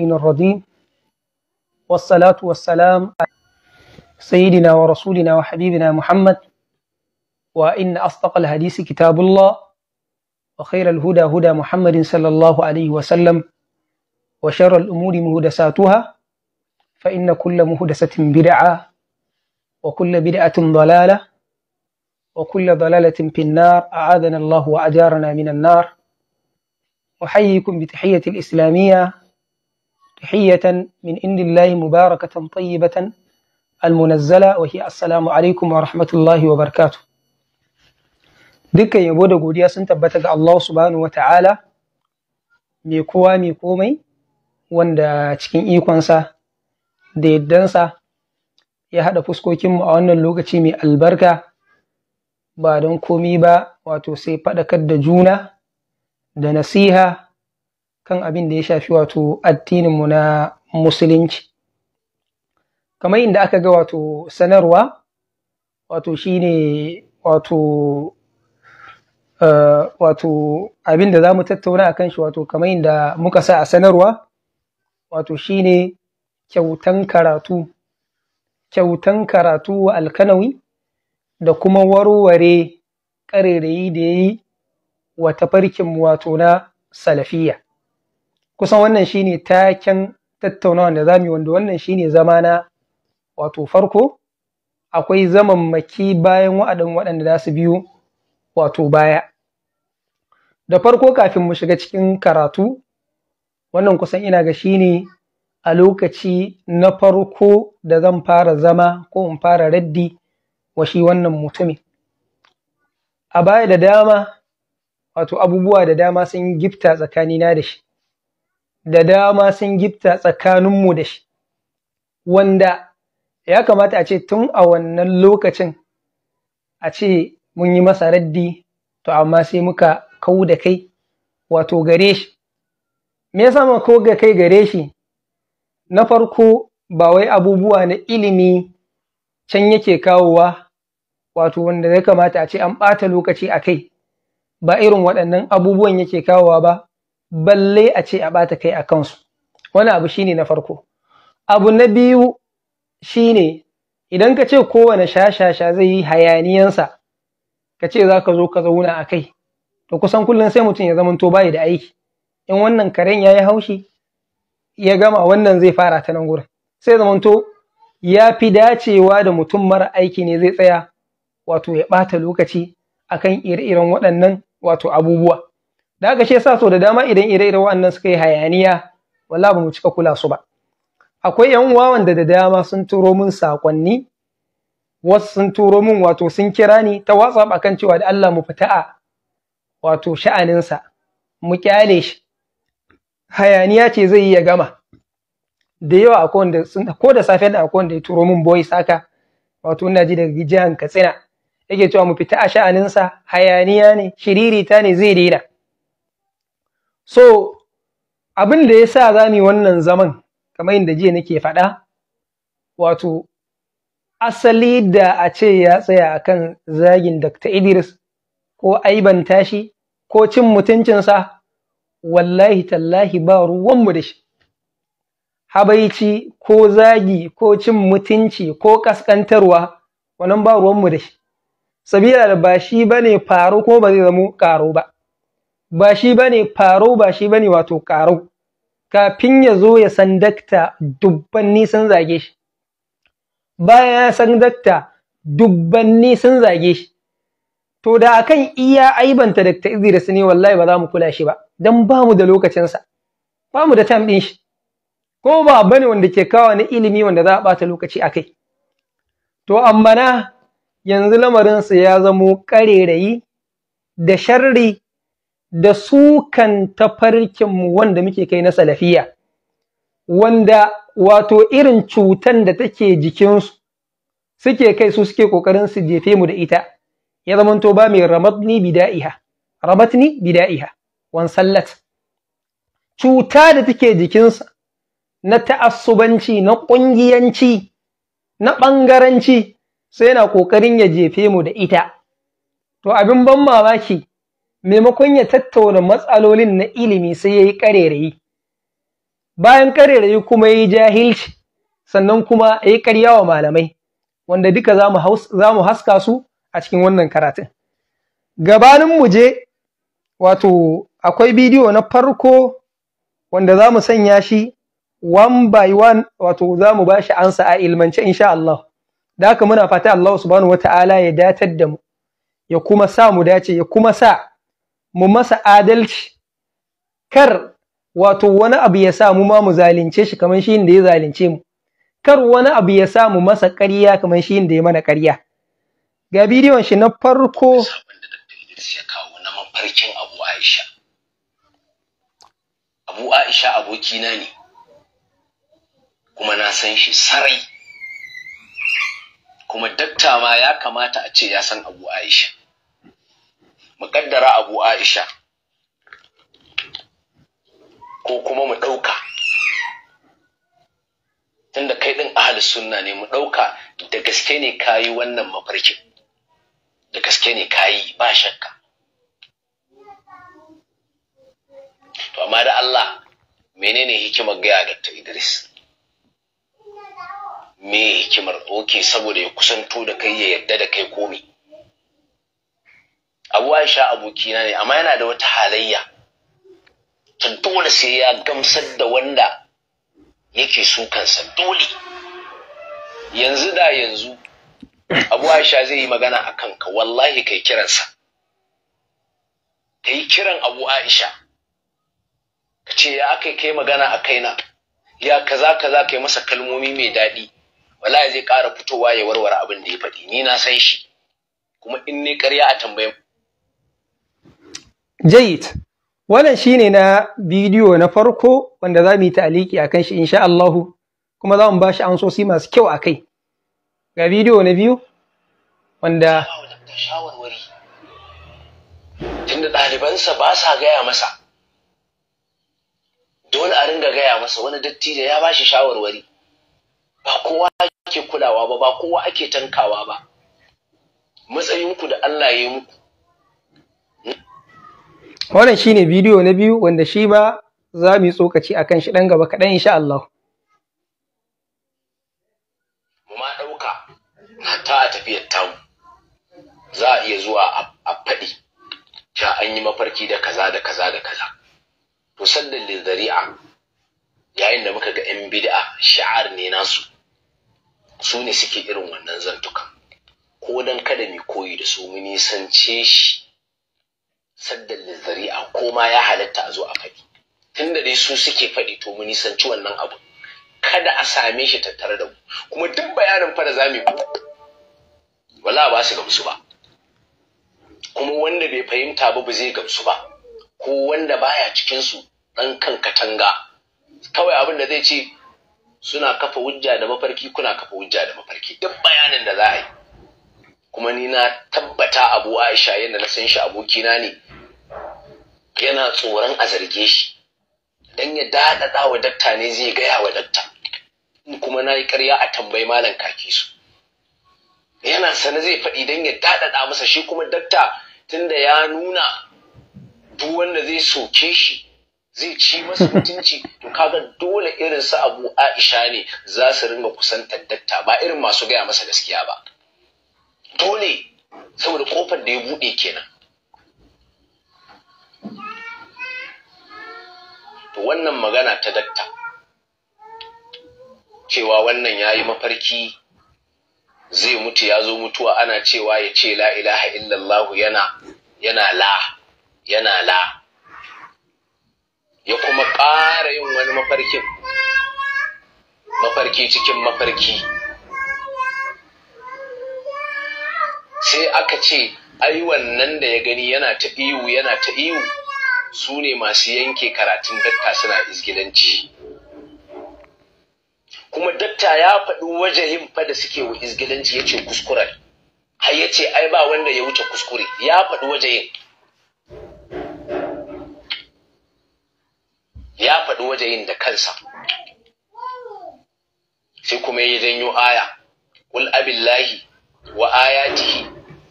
الشياطين الرجيم والصلاة والسلام سيدنا ورسولنا وحبيبنا محمد وإن أصدق الحديث كتاب الله وخير الهدى هدى محمد صلى الله عليه وسلم وشر الأمور مهدساتها فإن كل مهدسة بدعة وكل بدعة ضلالة وكل ضلالة في النار أعاذنا الله وأجارنا من النار أحييكم بتحية الإسلامية تحية من عند tan مباركة طيبة المنزلة وهي alaikum عليكم ورحمة wa barkatu. dukkan yabo da godiya sun tabbata ga Allah subhanahu wata'ala mai kowa mai komai wanda cikin ikonsa da sa ya haɗa fuskokinmu a wannan lokaci mai albarka ba don komi ba wato sai faɗakar da juna da nasiha kan abin da ya shafi wato addininmu na musulunci kamar inda aka ga wato sanarwa wato shine wato eh, wato abin da za mu tattauna a kan shi wato kamar inda muka sa a sanarwa wato shine kyautan karatu kyautan karatu wa alkanawi da kuma warware ƙarerayi da ya yi wa tafarkin wato na salafiya kusan wannan shine taken tattaunawan da zamu yi wanda wannan shine zama na wato farko akwai maki bayan wa'adin waɗanda za su biyo wato baya da farko kafin mu shiga cikin karatu wannan kusan ina ga shine a lokaci na farko da zan fara zama ko in fara raddi wa shi wannan mutumin a baya da dama wato abubuwa da dama sun gifta tsakanina da shi da dama sun gifta tsakaninmu da shi, wanda ya kamata a ce tun a wannan lokacin a ce mun yi masa raddi, to amma sai muka kau da kai wato gare shi. Me yasa muka kau da kai gare shi? Na farko ba wai abubuwa na ilimi can yake kawowa wato wanda ya kamata a ce an ɓata lokaci a kai, ba irin waɗannan abubuwan yake kawowa ba, balle a ce a ɓata kai a kansu wani abu shine na farko abu na biyu shine idan ka ce kowane shashasha zai yi hayaniyansa ka ce za ka zo ka zauna a kai to kusan kullum sai mutum ya zamanto bayi da aiki in wannan karen ya yi haushi ya gama wannan zai fara ta nan gurin sai zamanto ya fi dacewa da mutum mara aiki ne zai tsaya wato ya ɓata lokaci akan ire-iren waɗannan wato abubuwa da haka shi yasa so da dama idan ire-ire wa'annan suka yi hayaniya wallahi ba mu cika kula su ba akwai yan uwa wanda da dama sun turo min sakonni wasu sun turo min wato sun kira ni ta WhatsApp akan cewa da Allah mu fita a wato sha'aninsa mu kyale shi hayaniya ce zai yi ya gama da yawa akwai wanda sun ko da safe da akwai wanda ya turo min boy saka wato ina ji daga jihar Katsina yake cewa mu fita a sha'aninsa hayaniya ne shiririta ne zai daina so abin da ya sa za ni wannan zaman kamar yadda jiya nake faɗa wato asali da a ce ya tsaya a kan zagin Dr. Idris ko aiban tashi ko cin mutuncinsa wallahi tallahi ba ruwanmu da shi habaici ko zagi ko cin mutunci ko kaskantarwa wannan ba ruwanmu da shi sabila da ba shi ba ne faru ko ba zai zamo ƙaro ba ba shi bane faro ba shi bane wato karo kafin ya zo ya san dakta dubbanni sun zage shi bayan ya san dakta dubbanni sun zage shi to da akan iya aibanta dakta Idris ne wallahi ba za mu kula shi ba dan ba mu da lokacinsa ba mu da time din shi ko ba bane wanda ke kawo na ilimi wanda za a bata lokaci akai to amma na yanzu lamarinsa ya zamo karerayi da sharri da su sukan mu wanda muke kai na salafiya wanda wato irin cutan da take jikinsu suke kai su suke kokarin su jefe mu da ita ya zamanto ba mai ramatni bida'iha ramatni bida'iha wan sallat cuta da take jikinsa na ta'assubanci na ƙungiyanci na ɓangaranci sai yana ƙoƙarin ya jefe mu da ita to abin ban mamaki maimakon ya tattauna matsalolin na ilimi sai ya yi ƙarerayi bayan ƙarerayi kuma ya yi jahilci sannan kuma ya yi ƙarya wa malamai wanda duka za mu haska su a cikin wannan karatun gabanin mu je wato akwai bidiyo na farko wanda za mu sanya shi one by one wato za mu ba shi ansa a ilmance insha Allah da haka muna fata Allah subhanahu ta'ala ya datar da mu ya kuma sa mu dace ya kuma sa mu masa adalci kar wato wani abu ya sa mu ma mu zalunce shi kamar shi da ya zalunce mu kar wani abu ya sa mu masa ƙarya kamar shi da ya mana ƙarya ga bidiyon shi na farko ya kawo na mafarkin Abu Aisha Abu Aisha abokina ne kuma na san shi sarai kuma dakta ma ya kamata a ce ya san Abu Aisha muƙaddara abu aisha ko kuma mu ɗauka tunda kai ɗin ahal sunna ne mu ɗauka da gaske ne kayi wannan mafarkin da gaske ne kayi ba shakka to amma da Allah menene hikimar gaya ga ta Idris me hikimar oke saboda ya kusanto da kai ya yadda da kai komai? abu aisha abokina ne amma yana da wata halayya ta dole sai ya gamsar da wanda yake su kansa dole yanzu da yanzu abu aisha zai yi magana a kanka wallahi kai kiransa ka yi kiran abu aisha ka ce ya aka kai magana a na? ya kaza kaza kai masa kalmomi mai daɗi wallahi zai ƙara fitowa ya warware abin da ya faɗi ni na san shi kuma in ne ƙarya a tambayin Jayit, wannan shi ne na bidiyo na farko wanda za mu yi ta'aliki a kan shi insha Allah kuma za mu ba shi ansosi masu kyau a kai. Ga bidiyo na biyu wanda. Tunda ɗalibansa ba sa gaya masa, dole a ringa gaya masa wani dattijo ya ba shi shawarwari, ba kowa ake kulawa ba, ba kowa ake tankawa ba, matsayinku da Allah ya yi muku. wannan shine bidiyo na biyu wanda shi ba za mu yi tsokaci akan shi dan gaba kaɗan insha Allah ma ɗauka hatta a tafiyar tamu za a iya zuwa a faɗi ja an yi mafarki da kaza da kaza da kaza to sannan lizari'a yayin da muka ga 'yan bid'a sha'ar ne nasu su ne suke irin wannan zantukan ko dan kada mu koyi da su mu nisance shi saddan zari'a ko ma ya halatta a zo a faɗi tunda dai su suke faɗi to mu nisanci wannan abu kada a same shi tattare da mu kuma duk bayanin fa da zamu yi wala ba su gamsu ba kuma wanda bai fahimta ba ba zai gamsu ba ko wanda baya cikin su dan kan katanga kawai abin da zai ce suna kafa hujja da mafarki kuna kafa hujja da mafarki duk bayanin da za a yi kuma ni na tabbata abu aisha yadda na san shi abokina ne yana tsoron a zarge shi dan ya daɗaɗa wa datta ne zai gaya wa dakta in kuma nayi yi ƙarya a tambayi malam kaki su yana sane zai faɗi dan ya daɗaɗa masa shi kuma datta tunda ya nuna duk wanda zai soke shi zai ci masa mutunci to kaga dole irin su abu aisha ne za su ringa kusantar datta ba irin masu gaya masa gaskiya ba dole saboda kofar da ya bude kenan wannan magana ta dakta cewa wannan ya yi mafarki zai mutu ya zo mutuwa ana cewa ya ce la ilaha illallahu yana yana la yana la ya kuma ƙara yin wani mafarkin mafarki cikin mafarki sai aka ce ai wannan da ya gani yana ta iwu yana ta iwu su ne masu yanke karatun datta suna izgilanci kuma datta ya faɗi wajahin fa da suke wa izgilanci ya ce kuskure har ya ce ai ba wanda ya wuce kuskure ya faɗi wajahin ya faɗi wajahin da kansa sai kuma ya janyo aya qul abillahi wa ayatihi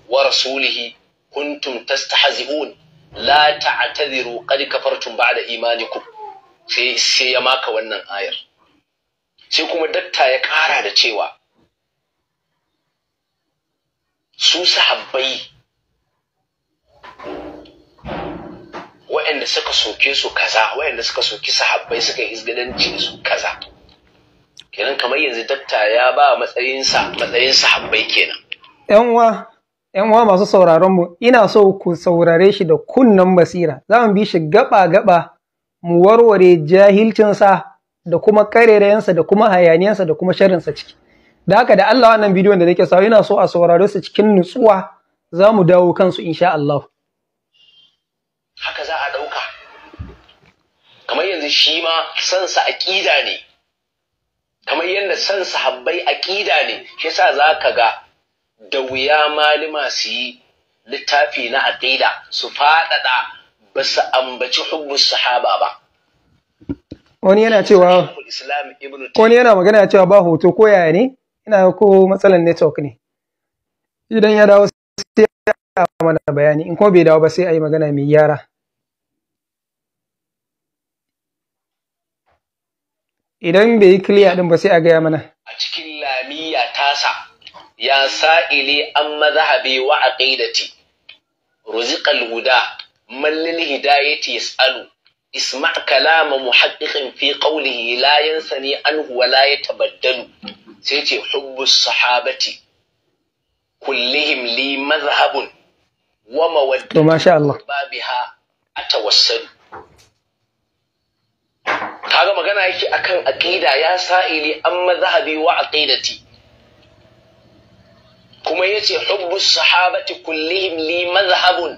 wa rasulihi kuntum tastahzi'un la ta'tadiru qad kafartum ba'da imanikum sai sai ya maka wannan ayar sai kuma dakta ya ƙara da cewa su sahabbai wa'anda suka soke su kaza wa'anda suka soki sahabbai suka izgidanci su kaza kenan kamar yanzu dakta ya ba matsayin sa matsayin sahabbai kenan yan uwa 'yan uwa masu sauraronmu ina so ku saurare shi da kunnen basira za mu bi shi gaba gaba mu warware jahilcinsa da kuma karerayensa da kuma hayaniyansa da kuma sharinsa ciki da haka da Allah wannan bidiyon da nake sawa ina so a saurare su cikin nutsuwa za mu dawo kansu insha Allah haka za a dauka kamar yanzu shi ma san a aqida ne kamar yanda san sahabbai aqida ne shi za ka ga da wuya malima su yi littafi na aƙida su faɗaɗa ba su ambaci hubbus sahaba ba. Wani yana cewa wani yana magana cewa ba hoto ko yaya ne ina ko matsalar network ne. Idan ya dawo sai ya mana bayani in ko bai dawo ba sai a yi magana mai yara. Idan bai yi clear din ba sai a gaya mana. A cikin lamiya tasa. ya sa'ili an mazhabi wa aqidati ruziqal guda, man lil hidayati yas'alu isma' kalama muhaddiqin fi ne la yansani anhu wa la yatabaddalu sai ce hubbus sahabati kullihim li mazhabun wa mawaddatu masha Allah babiha atawassalu kaga magana yake akan aƙida ya sa'ili an mazhabi wa aqidati kuma yace hubbus sahabati kullihim li mazhabun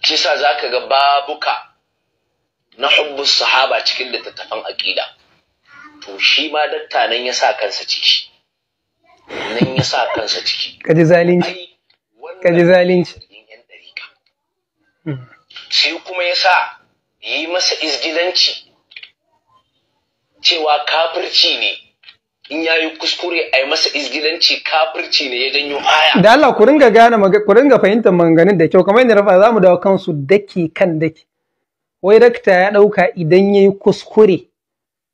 kisa za ka ga babuka na hubbus sahaba cikin littattafan aƙida to shi ma datta nan ya sa kansa ciki nan ya sa kansa ciki kaji zalunci kaji zalunci sai kuma ya sa yi masa izgilanci cewa kafirci ne in ya yi kuskure a yi masa izgilanci kafirci ne ya janyo aya. Da Allah ku ringa gane ku ringa fahimtar manganin da kyau kamar yadda rafa za mu dawo kansu daki kan daki. Wai dakta ya ɗauka idan ya yi kuskure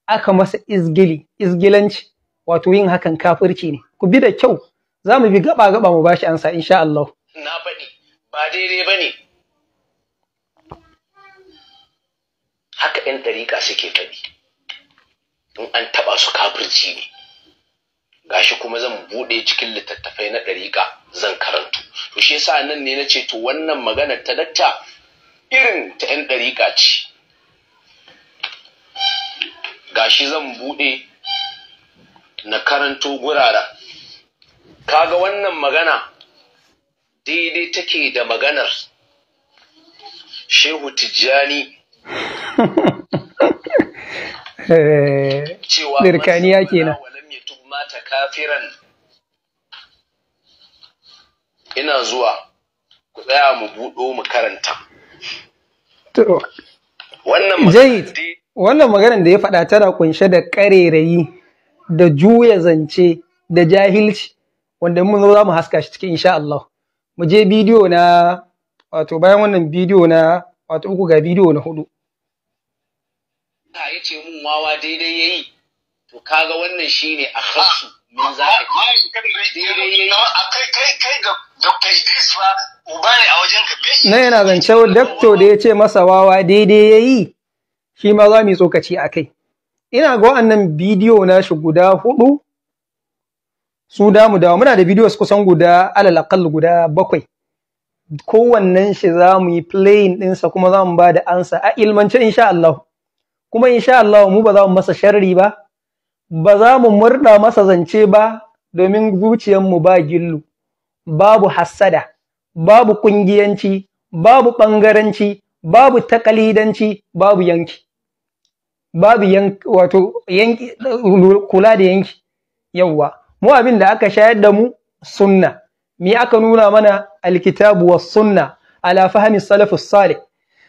aka masa izgili izgilanci wato yin hakan kafirci ne. Ku bi da kyau za mu bi gaba gaba mu bashi ansa insha Allah. Na faɗi ba daidai ba ne. Haka ‘yan ɗariƙa suke faɗi. In an taɓa su kafirci ne. gashi kuma zan buɗe cikin littattafai na ɗariƙa zan karantu to shi yasa nan ne nace to wannan magana ta datta irin ta 'yan ɗariƙa ce gashi zan buɗe na karanto gurara kaga wannan magana daidai take da maganar shehu tijjani eh, cewa birkaniya kenan mata kafiran ina zuwa ku tsaya mu buɗo mu karanta wannan maganar da ya faɗa tana kunshe da ƙarerayi da juya zance da jahilci wanda mun zo za mu haska shi cikin insha Allah mu je bidiyo na wato bayan wannan bidiyo na wato uku ga bidiyo na hudu yace mun wawa daidai yayi kaga wannan ne a kasu min za na yana zance dakto da ya ce masa wawa daidai ya yi shi ma za mu tsokaci a kai ina ga wa'annan bidiyo na shi guda hudu su damu dawa muna da bidiyo kusan guda alal aqal guda bakwai kowannen shi za mu yi playing ɗinsa kuma za mu ba da ansa a ilmance insha Allah kuma insha Allah mu ba za mu masa sharri ba ba za mu murɗa masa zance ba domin mu ba gillu babu hassada babu kungiyanci babu ɓangaranci babu takalidanci babu yanki babu yanki wato yanki kula da yanki yawwa mu abin da aka shayar da mu sunna me aka nuna mana alkitabu was sunna ala fahmi salafus salih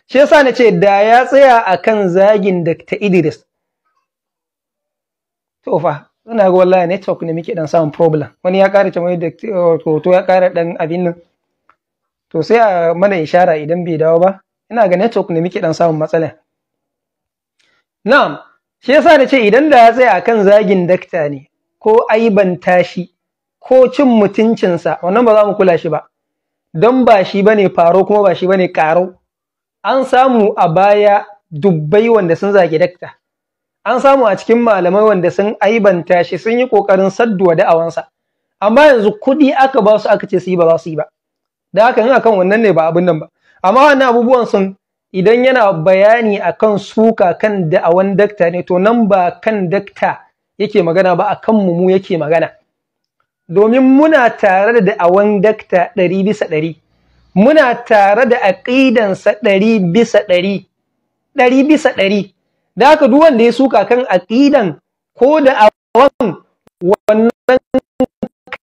shi yasa nace da ya tsaya akan zagin Dr. Idris to fa ina ga wallahi network ne muke dan samun problem wani ya ƙara tambayar da to ya ƙara dan abin nan to sai a mana ishara idan bai dawo ba ina ga network ne muke dan samun matsala na'am shi yasa da ce idan da ya tsaya akan zagin dakta ne ko ban tashi, ko cin mutuncinsa wannan ba za mu kula shi ba don ba shi bane faro kuma ba shi bane karo an samu a baya dubbai wanda sun zage dakta an samu a cikin malamai wanda sun aibanta shi sun yi kokarin sadduwa da'awansa amma yanzu kuɗi aka ba su aka ce su yi ba za su yi ba da haka in akan wannan ne ba abin nan ba amma wannan abubuwan sun idan yana bayani akan suka kan da'awan dakta ne to nan ba kan dakta yake magana ba akan mu mu yake magana domin muna tare da da'awan dakta ɗari bisa ɗari muna tare da aƙidansa ɗari bisa ɗari ɗari bisa ɗari da haka duk wanda ya suka kan aqidan ko da awan wannan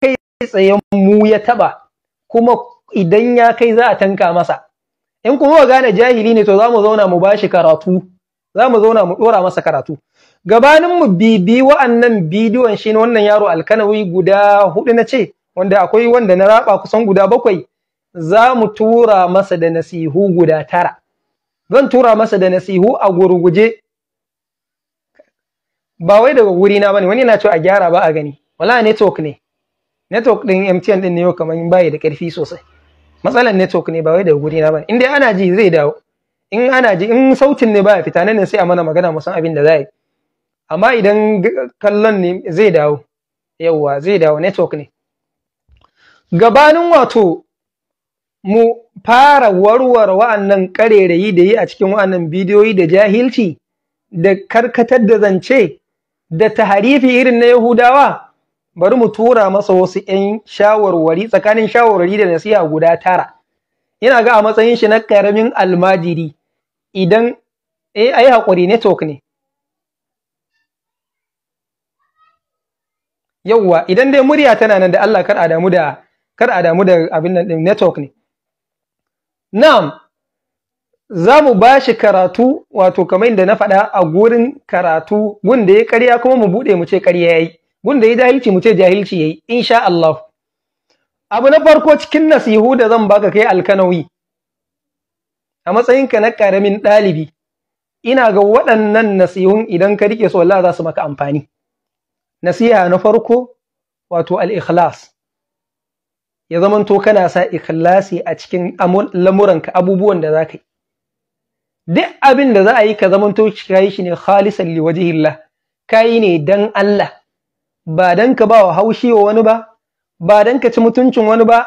kai tsayen mu ya taba kuma idan ya kai za a tanka masa in kuma gane jahili ne to za mu zauna mu bashi karatu za mu zauna mu dora masa karatu gabanin mu bibi wa'annan bidiyon shi ne wannan yaro alkanawi guda hudu na ce wanda akwai wanda na raba kusan guda bakwai za mu tura masa da nasihu guda tara zan tura masa da nasihu a gurguje ba wai daga wuri na bane wani yana cewa a gyara ba a gani Wala network ne network din MTN din ne yau kaman bai da karfi sosai matsalan network ne ba wai daga wuri na bane in dai ana ji zai dawo in ana ji in sautin ne baya fita nan sai a mana magana mu san abin da za yi amma idan kallon ne zai dawo yawwa zai dawo network ne gabanin wato mu fara warware wa'annan karerayi da yi a cikin wa'annan bidiyoyi da jahilci da karkatar da zance da taharifi irin na Yahudawa bari mu tura masa wasu yan shawarwari tsakanin shawarwari da nasiha guda tara ina ga a matsayin shi na karamin almajiri idan eh ai hakuri network ne yawwa idan dai murya tana nan da Allah kar a damu da kar a damu da abin nan network ne na'am za mu ba shi karatu wato kamar yadda na faɗa a gurin karatu gun da ya karya kuma mu buɗe mu ce karya ya yi gun da ya jahilci mu ce jahilci ya yi insha Allah abu na farko cikin nasihu da zan baka kai alkanawi a matsayinka na ƙaramin ɗalibi ina ga waɗannan nasihun idan ka rike su wallahi za su maka amfani nasiha na farko wato al-ikhlas ya zamanto kana sa ikhlasi a cikin lamuranka abubuwan da za ka yi duk abin da za a yi ka zamanto kai shi ne khalisan li ka yi ne dan Allah ba dan ka ba wa haushi wa wani ba ba dan ka ci mutuncin wani ba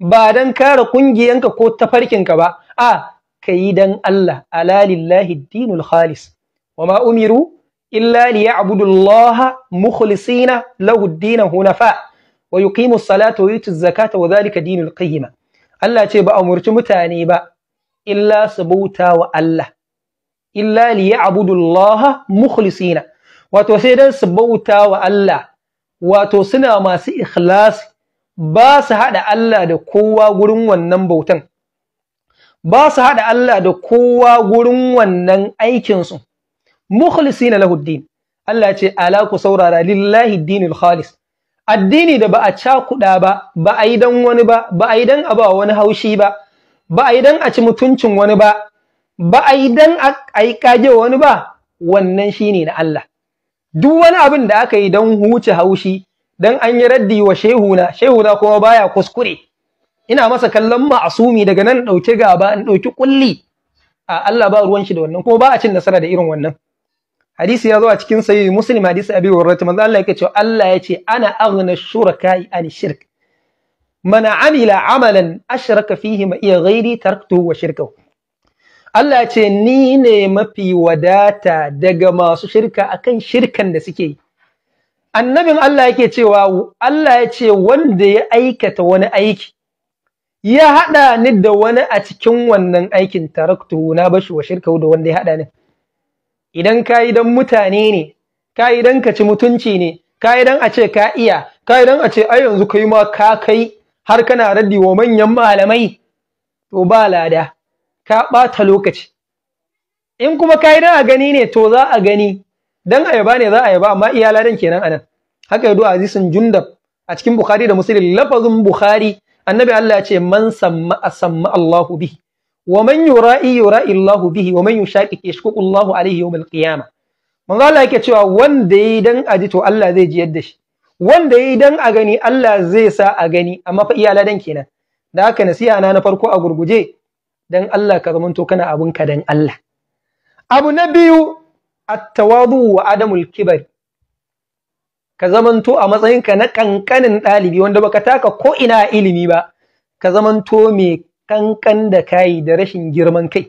ba dan kare kungiyanka ko tafarkinka ba a kayi dan Allah ala lillahi dinul khalis wama umiru illa liya'budu Allah mukhlisina lahu ad-din hunafa wa yuqimu as-salata wa yutu az-zakata wa dhalika dinul Allah ce ba a umurci mutane ba illa su bauta wa Allah illa li ya'budullaha mukhlisina wato sai dan su bauta wa Allah wato suna masu ikhlas ba su haɗa Allah da kowa gurin wannan bautan ba su haɗa Allah da kowa gurin wannan aikinsu. mukhlisina na din Allah ce ala ku saurara lillahi dinin khalis addini da ba a cakuda ba ba a yi dan wani ba ba a yi dan abawa wani haushi ba ba a yi dan a ci mutuncin wani ba ba a yi dan a yi kage wani ba wannan shi ne na Allah duk wani abin da aka yi don huce haushi don an yi raddi wa shehuna shehuna kuma baya kuskure ina masa kallon ma'asumi daga nan dauke gaba in ɗauki kulli a Allah ba ruwan shi da wannan kuma ba a cin nasara da irin wannan hadisi ya zo a cikin sayi muslim hadisi abi hurairah Maza Allah ya ce Allah ya ce ana aghna shuraka'i an shirk mana amila amalan ashraka fihi ma iya ghairi tarakto wa shirkahu Allah ce ni ne mafi wadata daga masu shirka akan shirkan da suke yi annabin Allah yake cewa Allah ya ce wanda ya aikata wani aiki ya haɗa ni da wani a cikin wannan aikin taraktuhu na bashi wa shirkahu da wanda ya haɗa ni idan ka yi don mutane ne ka yi don ka ci mutunci ne ka yi don a ce ka iya ka yi don a ce ai yanzu kai ma ka kai har kana raddi wa manyan malamai to ba lada ka ɓata lokaci in kuma ka yi a gani ne to za a gani dan ayaba ne za a yaba amma iya ladan kenan anan haka yado azizun jundab a cikin bukhari da muslim lafazin bukhari annabi Allah ya ce man samma asamma Allahu bihi wa man yura'i yura'i Allahu bihi wa man yushaqiq yashkuqu Allahu alayhi yawm al-qiyamah manzo Allah yake cewa wanda yayi dan aji to Allah zai ji yadda shi wanda yayi dan a gani Allah zai sa a gani amma fa iya dan kenan da haka nasiha na na farko a gurguje dan Allah ka zamanto kana abun ka dan Allah abu na biyu at-tawadu wa adamul kibari ka zamanto a matsayinka na kankanin ɗalibi wanda baka taka ko ina ilimi ba ka zamanto mai kankan da kai da rashin girman kai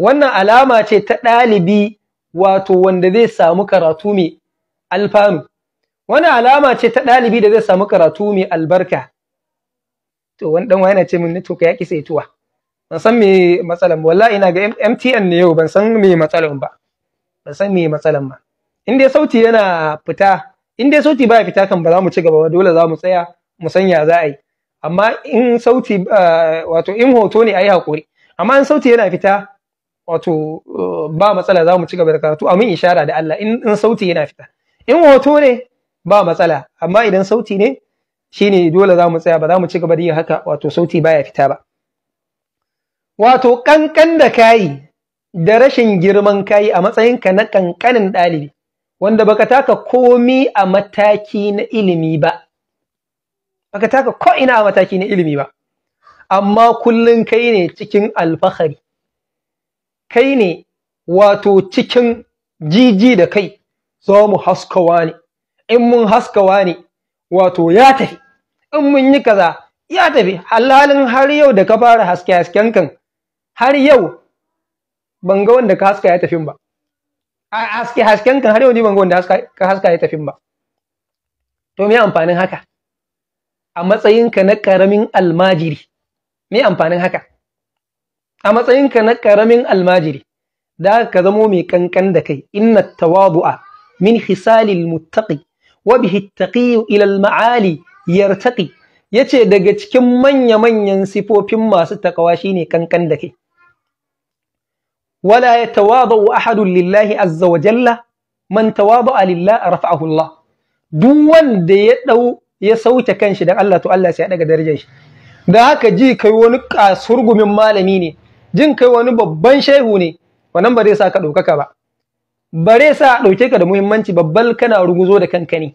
wannan alama ce ta ɗalibi wato wanda zai samu karatu mai alfanu wani alama ce ta ɗalibi da zai samu karatu mai albarka to wani ɗan yana ce min to ka yaƙi tuwa? ban san me matsalan ba wallahi ina ga MTN ne yau ban san me matsalan ba ban san me matsalan ba in dai sauti yana fita in dai sauti baya fita kan ba za mu ci gaba ba dole za mu tsaya mu sanya za a yi amma in sauti eh, wato in hoto ne a yi amma in sauti yana fita wato eh, ba matsala za mu ci gaba da karatu amin ishara da Allah in sauti yana fita in hoto ne ba matsala amma idan sauti ne shine dole za mu tsaya ba za mu ci gaba da yin haka wato sauti baya fita ba wato kankan da kayi da rashin girman kayi a matsayinka na kankanin ɗalibi wanda baka taka komi a mataki na ilimi ba baka taka ko ina a mataki na ilimi ba amma kullum kai ne cikin alfahari kai ne wato cikin jiji da kai za mu haskawa ne in mun haska wani wato ya tafi in mun yi kaza ya tafi Halalin har yau da ka fara haske hasken kan har yau ban ga wanda ka haska ya tafin ba a haske hasken kan har yau ni ban ga wanda ka haska ya tafin ba to me amfanin haka a matsayinka na karamin almajiri me amfanin haka a matsayinka na karamin almajiri da ka zamo mai kankan da kai inna tawadu'a min hisalil muttaqi wa bihi taqiyu ila al-ma'ali yartaqi yace daga cikin manya-manyan sifofin masu takawa shine kankan da kai wala yatawadu ahadun lillahi azza wa jalla man a lillahi rafa'ahu Allah duk wanda ya dau ya sauke kanshi dan Allah to Allah sai ya daga darajar shi da haka ji kai wani kasurgumin malami ne jin kai wani babban shehu ne wannan ba zai sa ka ɗaukaka ba bare sa a ɗauke ka da muhimmanci babbal kana ruguzo da kanka ne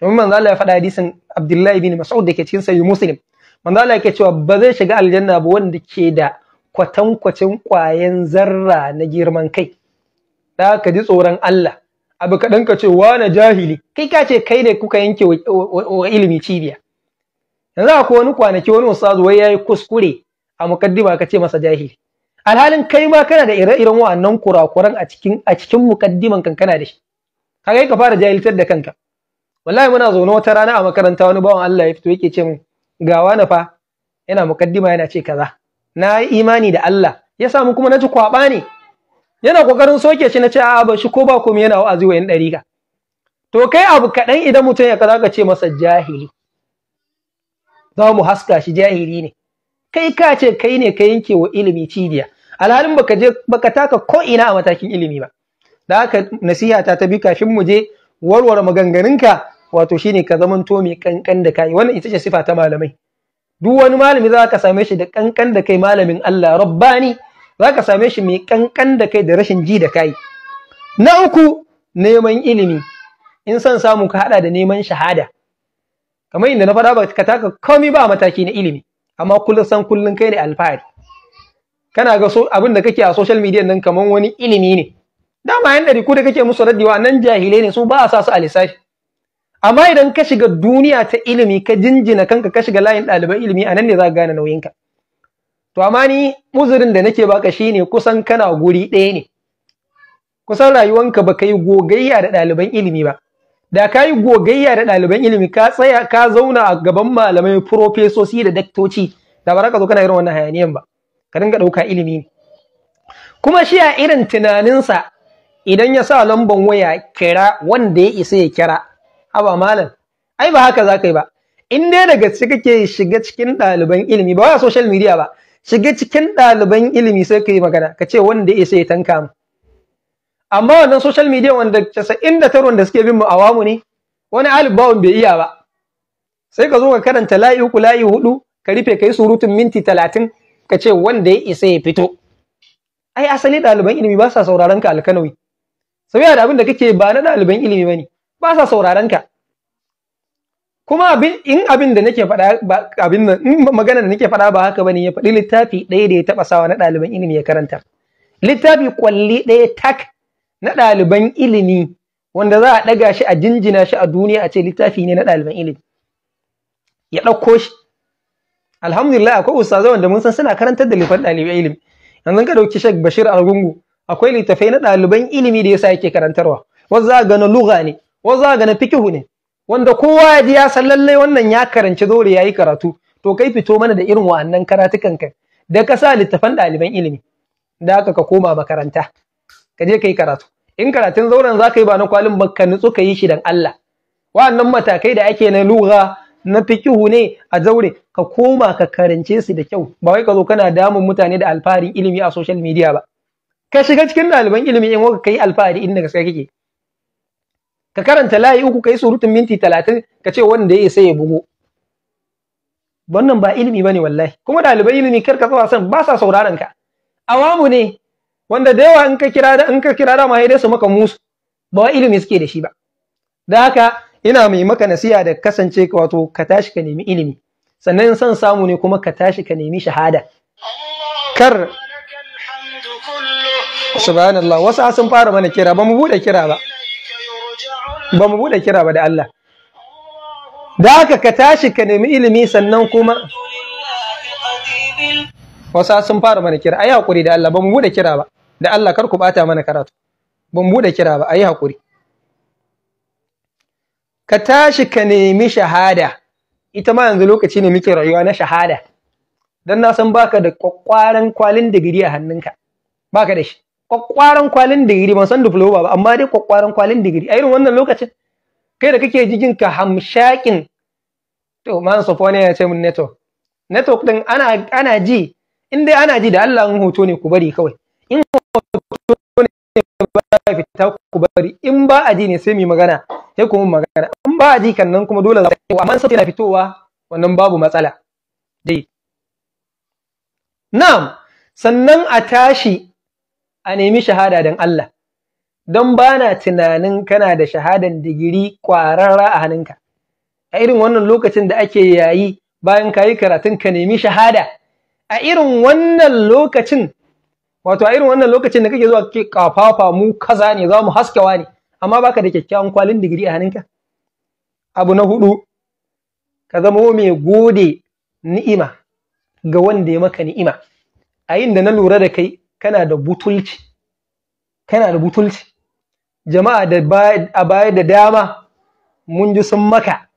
domin manzo Allah ya faɗa hadisin Abdullahi bin Mas'ud da ke cikin sahih Muslim manzo Allah yake cewa ba zai shiga aljanna ba wanda ke da kwatankwacin kwayan zarra na girman kai da ka ji tsoron Allah abu kaɗan ka ce wa na jahili kai ka ce kai ne kuka yanke wa ilimi cibiya yanzu akwai wani kwanaki wani ustazu wai yayi kuskure a mukaddima ka ce masa jahili alhalin kai ma kana da ire-iren wa'annan kurakuran a cikin a cikin mukaddiman kan kana da shi kaga ka fara jahiltar da kanka wallahi muna zaune wata rana a makaranta wani bawan Allah ya fito yake ce min ga wani fa yana mukaddima yana ce kaza na yi imani da Allah ya samu kuma ci kwaba ne yana kokarin soke shi nace a'a ba shi ko ba komai yana wa'azi wa yan ka to kai abu kaɗan idan mutum ya kaza ka ce masa jahili za mu haska shi jahili ne kai ka ce kai ne ka yanke wa ilimi cibiya alhalin baka je baka taka ko ina a matakin ilimi ba da haka nasiha ta tabi kafin mu je warware maganganunka wato shine ka zamanto mai kankan da kai wannan ita ce sifa ta malamai duk wani malami za ka same shi da kankan da kai malamin Allah rabbani za ka same shi mai kankan da kai da rashin ji da kai na uku neman ilimi in san samu ka hada da neman shahada kamar inda na faɗa ba ka taka komai ba mataki na ilimi amma kullum san kullum kai ne alfahari kana ga abin da kake a social media nan kamar wani ilimi ne dama yan ɗari ku da kake musu raddiwa nan jahilai ne su ba a sa su a lissafi amma idan ka shiga duniya ta ilimi ka jinjina kanka ka shiga layin ɗaliban ilimi a nan ne za ka gane nauyinka to amma ni uzurin da nake baka shi ne kusan kana guri ɗaya ne kusan rayuwanka ba ka yi gogayya da ɗaliban ilimi ba da ka yi gogayya da ɗaliban ilimi ka tsaya ka zauna a gaban malamai profesoci da daktoci da ba za ka zo kana irin wannan hayaniyan ba ka dinga ɗauka ilimi ne kuma shi a irin tunaninsa idan ya sa lamban waya kira wanda ya isa ya kira haba malam ai ba haka za ka yi ba in dai daga ciki kake shiga cikin ɗaliban ilimi ba wa social media ba shiga cikin ɗaliban ilimi sai ka yi magana ka ce wanda ya isa ya tanka mu amma wannan social media wanda 99 wanda suke bin mu awamu ne wani alif bawon bai iya ba sai ka zo ka karanta layi uku layi hudu ka rufe ka yi surutun minti talatin ka ce wanda ya isa ya fito ai asali ɗaliban ilimi ba sa sauraron ka alkanawi da abin da kake ba na ɗaliban ilimi ba ba sa sauraron ka kuma abin in abin da nake faɗa ba abin nan magana da nake faɗa ba haka bane ya faɗi littafi ɗaya da ya taɓa sawa na ɗaliban ilimi ya karanta littafi kwalli ɗaya tak na ɗaliban ilimi wanda za a ɗaga shi a jinjina shi a duniya a ce littafi ne na ɗaliban ilimi ya ɗauko shi alhamdulillah akwai ustaza wanda mun san suna karantar da littafin ɗaliban ilimi yanzu ka ɗauki shek bashir argungu akwai littafai na ɗaliban ilimi da yasa yake karantarwa wasu za a gana lugha ne wasu za a gana fikihu ne wanda kowa ya ji ya san lallai wannan ya karanci zaure ya yi karatu to kai fito mana da irin wa'annan karatukan kai da ka sa littafan ɗaliban ilimi da aka ka koma makaranta ka je ka yi karatu in karatun zauren za ka yi ba na kwalin ba ka nutsu ka yi shi dan Allah wa'annan matakai da ake na lugha na fikihu ne a zaure ka koma ka karance su da kyau ba wai ka zo kana damun mutane da alfaharin ilimi a social media ba ka shiga cikin ɗaliban ilimi in ka kai alfahari inda gaske kake ka karanta layi uku kai surutun minti talatin ka ce wanda ya sai ya bugu. wannan ba ilimi bane wallahi kuma ɗaliban ilimi kar ka tsaya san ba sa sauraron ka awamu ne wanda da yawa in ka kira da in ka kira da ma su maka musu ba ilimi suke da shi ba da haka ina mai maka nasiha da kasance ka wato ka tashi ka nemi ilimi sannan in san samu ne kuma ka tashi ka nemi shahada kar subhanallah wasu sun fara mana kira ba mu bude kira ba ba mu bude kira ba da Allah da haka ka tashi ka nemi ilimi sannan kuma wasu sun fara mana kira ai hakuri da Allah ba mu bude kira ba da Allah kar ku bata mana karatu ban bude kira ba ayi hakuri ka tashi ka nemi shahada ita ma yanzu lokaci ne muke rayuwa na shahada dan na san baka da kwakwaran kwalin digiri a hannunka baka da shi kwakwaran kwalin digiri ban san diploma ba amma dai kwakwaran kwalin digiri a irin wannan lokacin kai da kake jigin ka hamshakin to man sofone ya ce mun network network din ana ana ji in dai ana ji da Allah an hoto ne ku bari kawai in hoto ne ba fita ku bari in ba a ji ne sai mu magana sai ku magana in ba a ji kan nan kuma dole za ku amma sauti yana fitowa wannan babu matsala dai na'am sannan a tashi a nemi shahada dan Allah don ba na tunanin kana da shahadan digiri kwararra a hannunka a irin wannan lokacin da ake yayi bayan kayi karatun ka nemi shahada a irin wannan lokacin wato a irin wannan lokacin da kake zuwa kake kafafa mu kaza ne za mu haskewa ne amma baka da kyakkyawan kwalin digiri a hannunka abu na hudu ka zama mai gode ni'ima ga wanda ya maka ni'ima a yin da na lura da kai kana da butulci kana da butulci jama'a da a baya da dama mun ji sun maka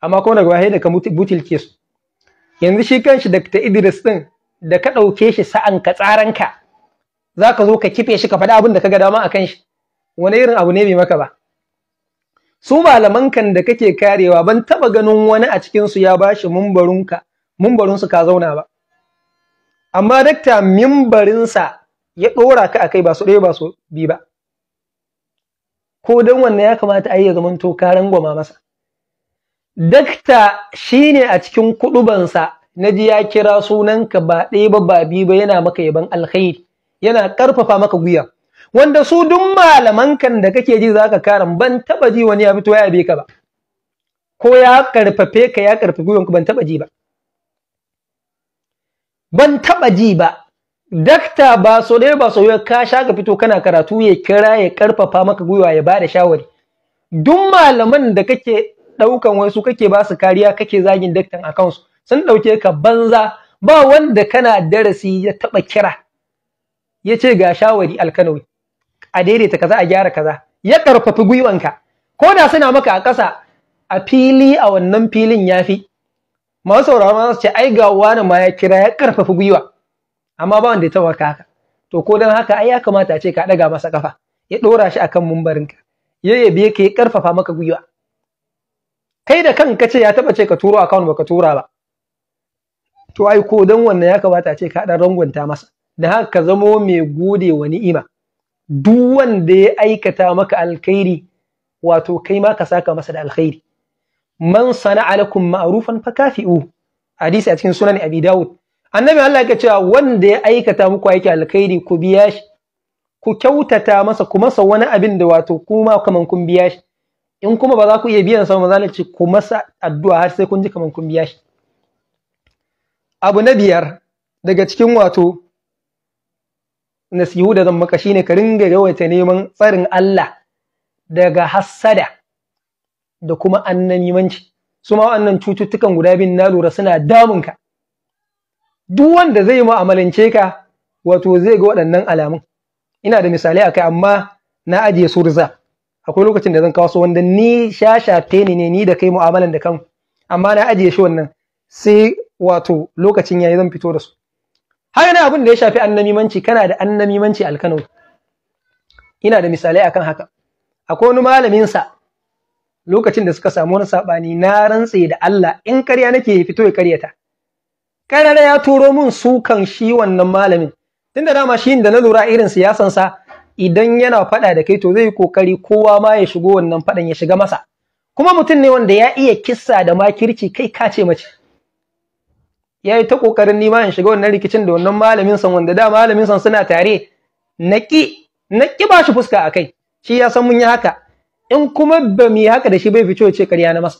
amma kuma daga wahayi da ka butulce su yanzu shi kanshi Dr. Idris din da ka ɗauke shi sa'an ka tsaranka za ka zo ka kife shi ka faɗi abin da ka ga dama a kan shi wani irin abu ne mai maka ba su malaman kan da kake karewa ban taba ganin wani a cikinsu ya shi mumbarunka mumbarinsu ka zauna ba amma dakta mimbarinsa ya ɗora ka akai ba su ɗaya ba su bi ba ko don wannan ya kamata a yi ya zamanto ka rangwama masa dakta shine a cikin kuɗubansa na ji ya kira sunanka ba ɗaya ba ba bi ba yana maka yaban alkhairi yana ƙarfafa maka gwiwa wanda su duk malaman kan da kake ji zaka karan ban taba ji wani ya fito ya yabe ka ba ko ya karfafe ka ya karfafi ka ban taba ji ba ban taba ji ba dakta ba so dai ba ya ka sha ka fito kana karatu ya kira ya karfafa maka gwiwa ya ba da shawari duk malaman da kake ɗaukan wasu kake ba su kariya kake zagin daktan akan su sun ɗauke ka banza ba wanda kana darasi ya taɓa kira ya ce ga shawari alkanawi a daidaita kaza a gyara kaza ya karfafi gwiwanka ko da suna maka a ƙasa a fili a wannan filin ya fi masu sauraron ma ce ai ga wani ma ya kira ya karfafi gwiwa amma ba wanda ya taba haka to ko don haka ai ya kamata a ce ka ɗaga masa kafa ya ɗora shi akan mumbarinka ya yabi ka ya karfafa maka gwiwa kai da kanka ce ya taɓa ce ka turo ba baka tura ba to ai ko don wannan ya kamata a ce ka ɗan rangwanta masa da haka ka zamo mai gode wa ni'ima duk wanda ya aikata maka alkhairi wato kai ma ka saka masa da alkhairi man sana'a alakum ma'rufan fakafi'u hadisi a cikin sunan abi dawud annabi Allah ya cewa wanda ya aikata muku aiki alkhairi ku biya shi ku kyautata masa ku masa wani abin da wato kuma kaman kun biya shi in kuma ba za ku iya biyan sa manzo ce ku masa addu'a har sai kun ji kaman kun biya shi abu na biyar daga cikin wato nasihu da zan maka shine ka ringa yawaita neman tsarin Allah daga hassada da kuma annanimanci su ma wannan cututtukan guda biyun na lura suna damun ka. duk wanda zai mu'amalance ka wato zai ga waɗannan alamun ina da misalai akai amma na ajiye su akwai lokacin da zan kawo su wanda ni shashate ni ne ni da kai mu'amalan da kan amma na ajiye shi wannan sai wato lokacin yayi zan fito da su haka nan abin da ya shafi annamimanci kana da annamimanci alkano ina da misalai akan haka akwai wani malamin sa lokacin da suka samu wani saɓani, na rantse da Allah in ƙarya nake fito ya ƙaryata karara ya turo min sukan shi wannan malamin tunda dama shi da na lura irin siyasan sa idan yana faɗa da kai to zai yi kokari kowa ma ya shigo wannan faɗan ya shiga masa kuma mutum ne wanda ya iya kissa da makirci kai kace mace ya yi ta ƙoƙarin nima in shiga wannan rikicin da wannan malamin san wanda da malamin san suna tare naƙi naƙi ba shi fuska a kai shi ya san mun yi haka in kuma ba mu yi haka da shi bai fito ce karya na masa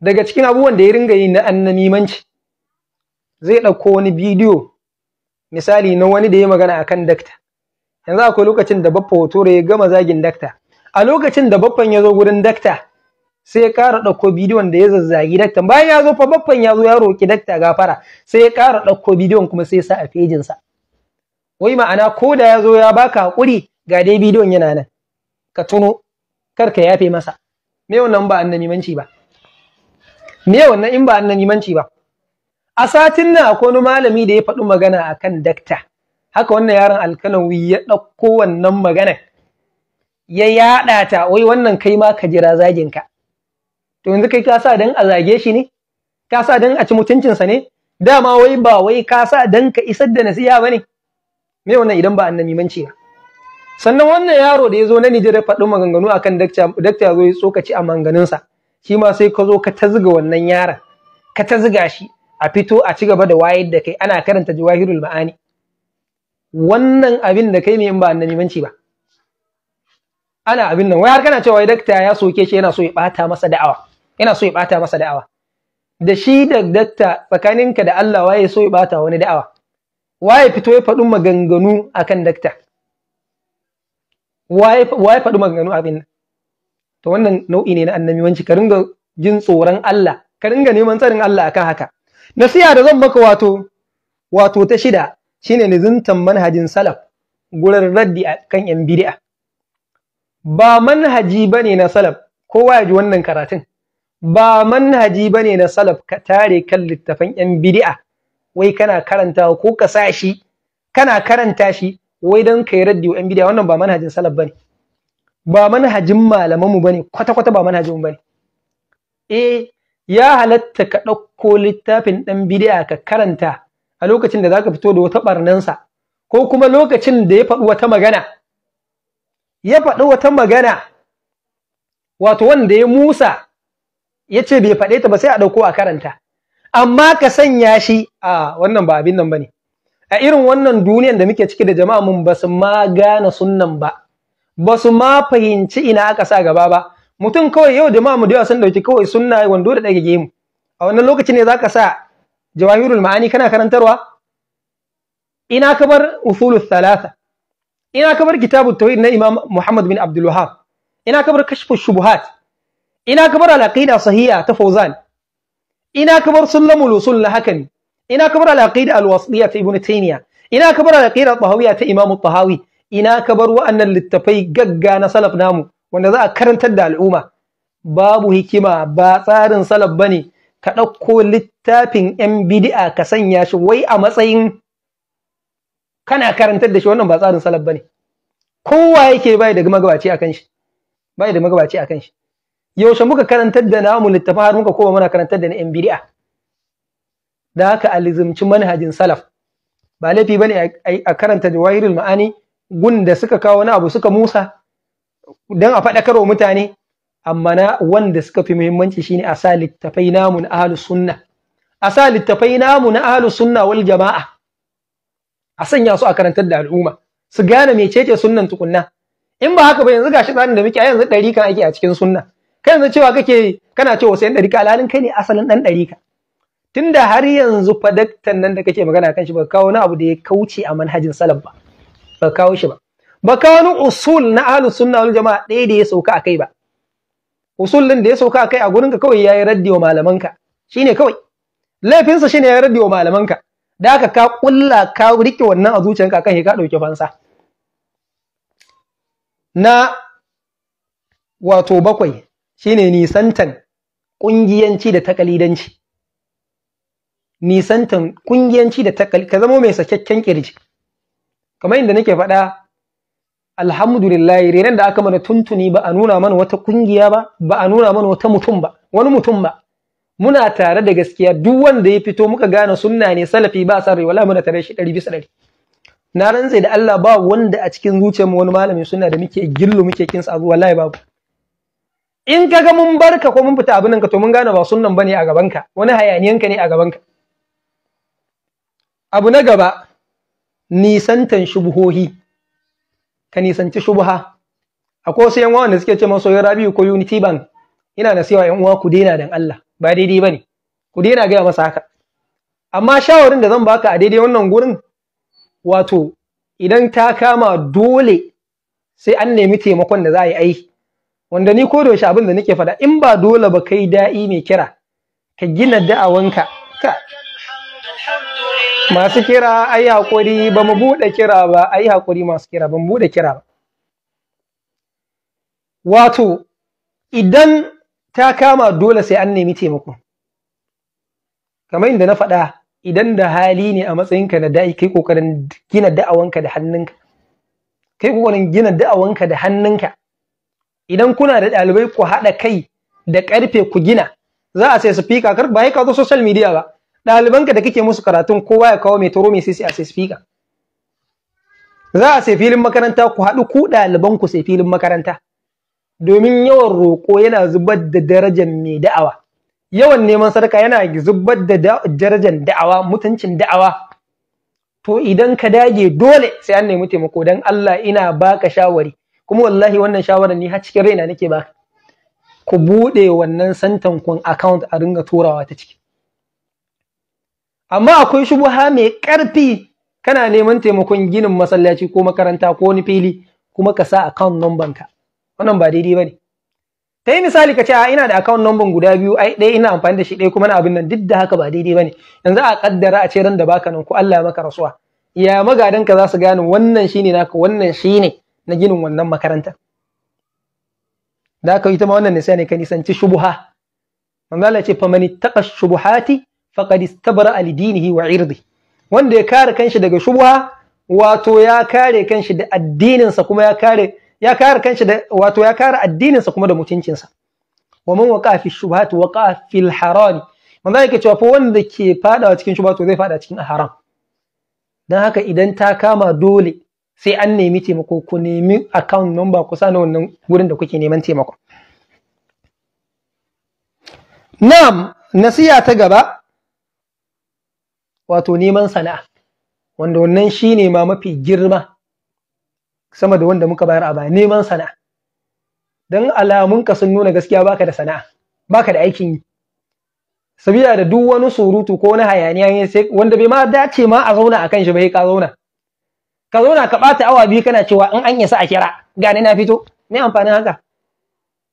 daga cikin abubuwan da ya ringa yi na annamimanci zai ɗauko wani bidiyo misali na wani da ya magana akan dakta yanzu akwai lokacin da baffa hoto ya gama zagin dakta a lokacin da baffan ya zo wurin dakta sai ya kara ɗauko bidiyon da ya zazzagi daktan bayan ya zo fa babban ya zo ya roƙi dakta gafara sai ya kara ɗauko bidiyon kuma sai ya sa a sa wai ma'ana ko da ya zo ya baka hakuri ga dai bidiyon yana nan ka tuno kar ka yafe masa me wannan ba manci ba me wannan in ba manci ba a satin nan akwai wani malami da ya faɗi magana akan dakta haka wannan yaron alkalawi ya ɗauko wannan magana ya yaɗa ta wai wannan kai ma ka jira zaginka to yanzu kai ka sa dan a zage shi ne ka sa dan a ci mutuncinsa ne dama wai ba wai ka sa dan ka isar da nasiha bane me wannan idan ba mimanci ba sannan wannan yaro da ya zo na Nijar ya faɗi maganganu akan dakta dakta zo ya tsokaci a manganinsa shi ma sai ka zo ka tazga wannan yaron ka tazga shi a fito a ci gaba da wayar da kai ana karanta jawahirul ma'ani wannan abin da kai ne in ba mimanci ba ana abin nan wai har kana cewa wai dakta ya soke shi yana so ya bata masa da'awa yana so ya bata masa da'awa da shi da datta tsakaninka da Allah waye so ya bata wani da'awa waye fito ya faɗi maganganu akan dakta waye waye faɗi maganganu abin to wannan nau'i ne na wanci ka ringa jin tsoron Allah ka ringa neman tsarin Allah akan haka nasiha da zan maka wato wato ta shida shine nizuntan manhajin salaf gurin raddi a kan yan bid'a ba manhaji bane na salaf kowa ya ji wannan karatun ba manhaji bane na salaf ka tare kan littafan yan bid'a wai kana karanta ko ka sa shi kana karanta shi wai don kai raddi wa yan bid'a wannan ba manhajin salaf bane ba manhajin malaman mu bane kwata kwata ba manhajin mu bane eh ya halatta ka ɗauko littafin ɗan bid'a ka karanta a lokacin da za ka fito da wata ɓarnansa, ko kuma lokacin da ya faɗi wata magana ya faɗi wata magana wato wanda ya musa Ya ce bai faɗe ta ba sai a ɗauko a karanta amma ka sanya shi a wannan ba abin nan ba ne. a irin wannan duniyan da muke ciki da jama'a mun ba su ma gane sunnan ba ba su ma fahimci ina aka sa gaba ba mutum kawai yau jama'a mu da yawa sun dauki kawai sunna wando da ɗage gemu a wannan lokaci ne za ka sa jawahirul ma'ani kana karantarwa ina kabar usulul thalatha ina kabar kitabut tauhid na imam muhammad bin abdul ina kabar kashfu shubuhat ina kabar al'aqida sahiya ta Fozan? ina kabar sulamul usul na hakan ina kabar al'aqida aqida ta Ibn Tainiya? ina kabar al'aqida tahawiya ta Imam tahawi ina kabar wa'annan littafai gagga na salaf namu wanda za a karantar da al'umma babu hikima ba tsarin salaf bane ka ɗauko littafin ‘yan bidi'a ka sanya shi wai a matsayin kana karantar da shi wannan ba tsarin salaf ba kowa yake bai da magabaci akan shi bai da magabaci akan shi yaushe muka karantar da namu littafi har muka koma muna karantar da na yan bid'a da haka alizumci manhajin salaf ba laifi bane a karanta jawahirul ma'ani gun da suka kawo wani abu suka musa dan a faɗakar wa mutane amma na wanda suka fi muhimmanci shine a sa littafai namu na ahlus sunna a sa littafai namu na ahlus sunna wal jama'a a sanya su a karantar da al'umma su gane mecece sunnan tukunna in ba haka ba yanzu gashi tsarin da muke a yanzu ɗari kan ake a cikin sunna kai yanzu cewa kake kana cewa wasu yan ka alhalin kai ne asalin ɗan ɗari Tun tunda har yanzu fadaktan nan da kake magana kan shi ba kawo wani abu da ya kauce a manhajin salaf ba ba kawo shi ba ba kawo wani usul na ahlus sunna wal jama'a ɗaya da ya sauka kai ba usul din da ya sauka kai, a gurin ka kawai yayi raddi wa malamanka shine kawai laifin sa shine yayi raddi wa malamanka da haka ka kulla ka rike wannan a zuciyanka kan ka dauki fansa na wato bakwai shine nisantan ƙungiyanci da takalidanci nisantan ƙungiyanci da takali ka zama mai sakakken kirji kamar yadda nake faɗa alhamdulillah renan da aka mana tuntuni ba a nuna mana wata kungiya ba ba a nuna mana wata mutum ba wani mutum ba muna tare da gaskiya duk wanda ya fito muka gane sunna ne salafi ba sa rai wallahi muna tare shi 100% na rantse da Allah ba wanda a cikin zuciyarmu wani malami sunna da muke gillu muke kinsa abu wallahi babu in ka ga mun barka ko mun fita abin ka to mun gane ba sunnan bane a gaban ka wani hayaniyanka ne a gaban ka abu na gaba nisantan shubuhohi ka nisanci shubuha akwai wasu yan wanda suke ce masu rabiu ko unity bank ina nasiwa yan uwa ku daina dan Allah ba daidai bane ku daina gaya masa haka amma shawarin da zan baka a daidai wannan gurin wato idan ta kama dole sai an nemi taimakon da za a yi aiki wanda ni ko da yaushe abin da nake faɗa in ba dole ba kai da'i mai kira ka gina da'awanka ka masu kira ai hakuri ba mu buɗe kira ba ai hakuri masu kira ba mu buɗe kira ba wato idan ta kama dole sai an nemi taimako kamar inda na faɗa idan da hali ne a matsayinka na da'i kai kokarin gina da'awanka da hannunka kai kokarin gina da'awanka da hannunka idan kuna da ɗalibai ku haɗa kai da ƙarfe ku gina za a sai speaker kar ba ka zo social media ba ɗalibanka da kake musu karatun kowa ya kawo mai toro mai sisi a sai speaker za a sai filin makaranta ku haɗu ku ɗaliban ku sai filin makaranta domin yawan roƙo yana zubar da darajar mai da'awa yawan neman sadaka yana zubar da darajar da'awa mutuncin da'awa to idan ka dage dole sai an nemi taimako dan Allah ina baka shawari kuma wallahi wannan shawarar ni har cikin raina nake ba ku buɗe wannan santan kun account a ringa turawa ta ciki amma akwai shubuha mai ƙarfi kana neman taimakon ginin masallaci ko makaranta ko wani fili kuma ka sa account number ka wannan ba daidai bane ta yi misali ka ce a ina da account number guda biyu ai ɗaya ina amfani da shi ɗaya kuma na abin nan duk da haka ba daidai bane yanzu a kaddara a ce ran da baka nan ko Allah ya maka rasuwa ya magadanka za su gane wannan shine naka wannan shine na ginin wannan makarantar da aka yi ta ma wannan nisa ne ka nisanci shubuha ya ce fa mani taqa shubuhati faqad istabra li dinihi wa irdi wanda ya kare kanshi daga shubuha wato ya kare kanshi da addininsa kuma ya kare ya kare kanshi da wato ya kare addininsa kuma da mutuncinsa wa man waqa fi shubuhati waqa fi al-haram manzala yake ce fa wanda ke fadawa cikin shubuha to zai fada cikin haram dan haka idan ta kama dole sai an nemi taimako ku nemi account number ku sa na wannan wurin da kuke neman taimako na'am nasiya ta gaba wato neman sana'a wanda wannan shine ma mafi girma sama da wanda muka bayar a baya neman sana'a don alamunka sun nuna gaskiya baka da sana'a baka da aikin yi sabida da duk wani surutu ko na hayaniya wanda bai ma dace ma a zauna akan shi bai ka zauna ka na ka ɓata awa biyu kana cewa in an yasa a kira gane na fito me amfanin haka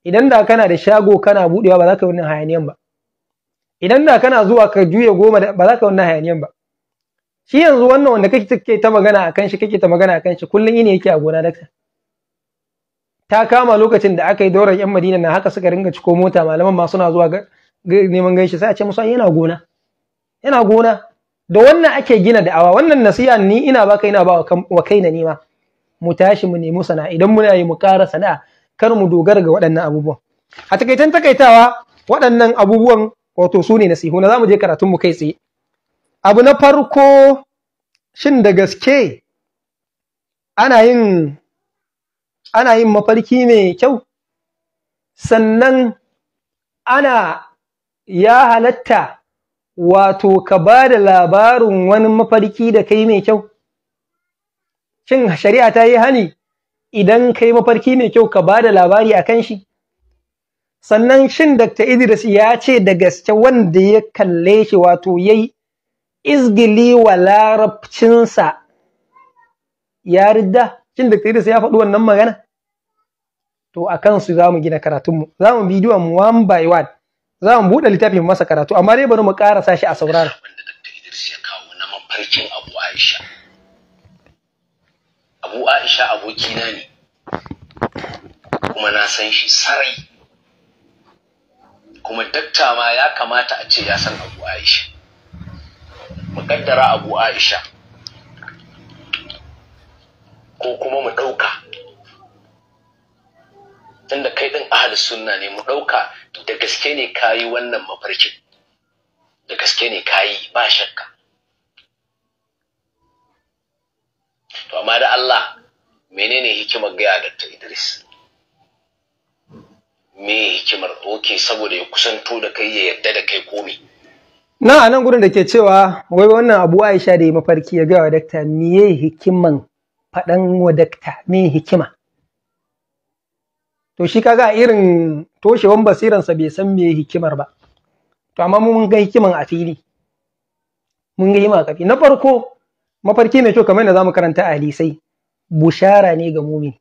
idan da kana da shago kana buɗewa ba za ka yi wannan hayaniyan ba idan da kana zuwa ka juya goma ba za ka wannan hayaniyan ba shi yanzu wannan wanda kake ta magana akan shi kake ta magana akan shi kullum yini yake a gona dakta ta kama lokacin da aka yi daurar yan madina na haka suka ringa ciko mota malaman ma suna zuwa neman gaishe sai a ce musu yana gona yana gona da wannan ake gina da awa wannan nasiha ni ina baka ina ba wa kaina ni ma mu tashi mu nemi sana'a idan muna yi mu ƙara sana'a kar mu dogara ga waɗannan abubuwan a takaitan takaitawa waɗannan abubuwan wato su ne nasihu na zamu je karatun mu kai tsaye abu na farko shin da gaske ana yin ana yin mafarki mai kyau sannan ana ya halatta wato ka ba da labarin wani mafarki da kai mai kyau shin shari'a ta yi hani idan kai mafarki mai kyau ka ba da labari akan shi sannan shin Dr. Idris ya ce da gaske wanda ya kalle shi wato ya yi izgili wa larabcinsa ya ridda shin Dr. Idris ya faɗi wannan magana to a kansu za mu gina karatunmu Za mu bidiyon one by one za mu buɗe littafin masa karatu amma dai bari mu ƙarasa shi a saurara wanda ya kawo Abu Aisha Abu Aisha abokina ne kuma na san shi sarai kuma dakta ma ya kamata a ce ya san Abu Aisha muƙaddara Abu Aisha ko kuma mu ɗauka tunda kai din ahli sunna ne mu ɗauka da gaske ne kayi wannan mafarkin da gaske ne kayi ba shakka to amma da Allah menene hikimar gaya Dr. Idris me hikimar oke saboda ya kusanto da kai ya yadda da kai komai? na a nan gurin da ke cewa wai wannan abu Aisha da ya mafarki ya gaya wa dakta meye hikiman faɗan wa dakta me hikima to shi kaga irin toshewan basiransa bai san me hikimar ba to amma mun ga hikiman a fili mun ga hima kafi na farko mafarki mai kyau kamar yadda zamu karanta a sai bushara ne ga mumin.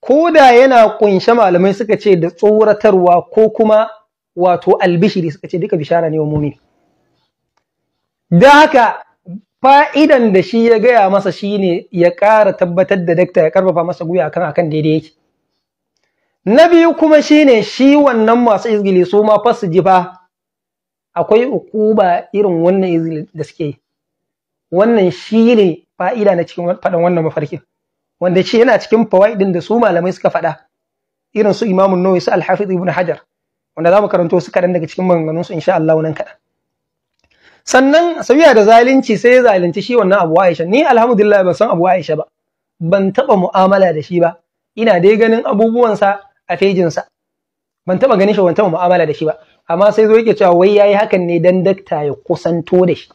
ko da yana kunshe malamai suka ce da tsoratarwa ko kuma wato albishiri suka ce duka bishara ne wa mumin. da haka fa'idan da shi ya gaya masa shine ya ƙara tabbatar da dakta ya karfafa masa guya akan akan daidai yake na biyu kuma shi ne shi wannan masu izgili su ma fa su ji fa akwai ukuba irin wannan izgili da suke yi wannan shi ne fa'ida na cikin faɗin wannan mafarkin wanda shi yana cikin fawaidin da su malamai suka faɗa irin su imamun Nawawi su al Ibn Hajar wanda mu karanto su kaɗan daga cikin maganganun su insha Allah nan kaɗan sannan sauya da zalunci sai ya zalunci shi wannan Abu Aisha ni alhamdulillah ban san Abu Aisha ba ban taɓa mu'amala da shi ba ina dai ganin abubuwansa a fejinsa ban taɓa ganin shi ban taɓa mu'amala da shi ba amma sai zo yake cewa wai yayi hakan ne dan dakta ya kusanto da shi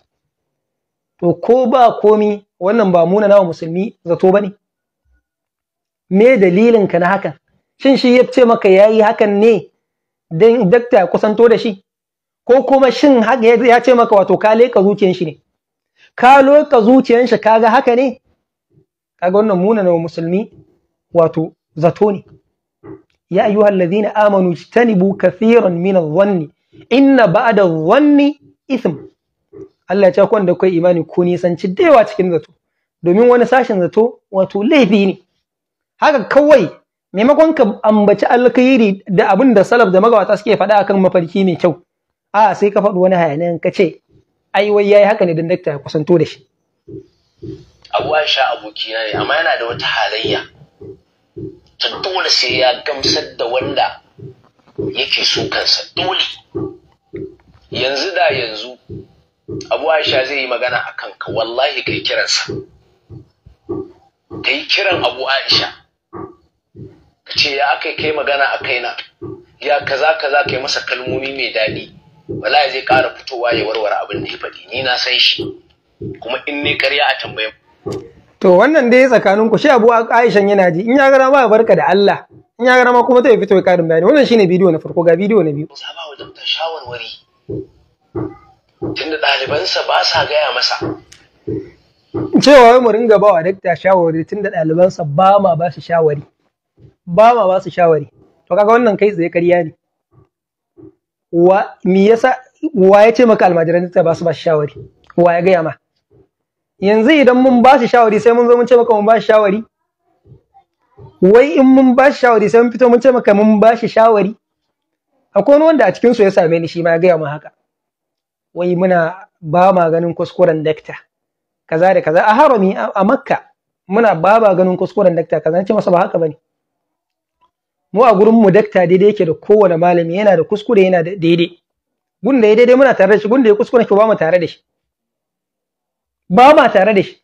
to ko ba komi wannan ba muna nawa musulmi zato bane me dalilin ka na hakan shin shi ya ce maka yayi hakan ne dan dakta ya kusanto da shi ko kuma shin haka ya ce maka wato ka leka zuciyan shi ne ka leka zuciyan shi kaga haka ne kaga wannan muna nawa musulmi wato zato ne ya ayyuhal ladhina amanu ijtanibu kathiran min adh-dhanni inna ba'da adh-dhanni ithm Allah ya ce kwan da kai imani ku nisanci da yawa cikin zato domin wani sashen zato wato laifi ne haka kawai maimakon ka ambaci alkhairi da abin da salaf da magawata suke faɗa akan mafarki mai kyau a sai ka faɗi wani hayaniyan ka ce ai wai yayi haka ne dan dakta ya kusanto da shi abu aisha abokina ne amma yana da wata halayya to dole sai ya gamsar da wanda yake so kansa dole yanzu da yanzu abu aisha zai yi magana a kanka wallahi kai kiransa kai kiran abu aisha ka ce ya aka kai magana a kaina ya kaza kaza kai masa kalmomi mai daɗi wallahi zai ƙara fitowa ya warware abin da ya faɗi ni na san shi kuma in ne ƙarya a tambayin to wannan dai tsakanin ku shi Abu Aishan yana ji in ya gara ma barka da Allah in ya gara ma kuma ta fito karin bayani wannan shine bidiyo na farko ga bidiyo na biyu Musa ba wa dokta shawarwari tunda ɗalibansa ba sa gaya masa cewa wai mu ringa ba wa dakta shawari tunda ɗalibansa ba ma ba su shawari ba ma ba su shawari to kaga wannan kai tsaye karya ne wa me yasa wa ya ce maka almajiran dakta ba su ba su shawari wa ya gaya ma yanzu idan mun ba shi shawari sai mun zo mun ce maka mun ba shi shawari wai in mun ba shi shawari sai mun fito mun ce maka mun ba shi shawari akwai wani wanda a cikin su ya same ni shi ma ya gaya mu haka wai muna ba ma ganin kuskuren dakta kaza da kaza a harami a makka muna ba maganin ganin kuskuren dakta kaza ce masa ba haka bane mu a gurin mu dakta daidai yake da kowane malami yana da kuskure yana da daidai gun da ya daidai muna tare da shi gun da ya kuskure ke ba mu tare da shi ba ma tare da shi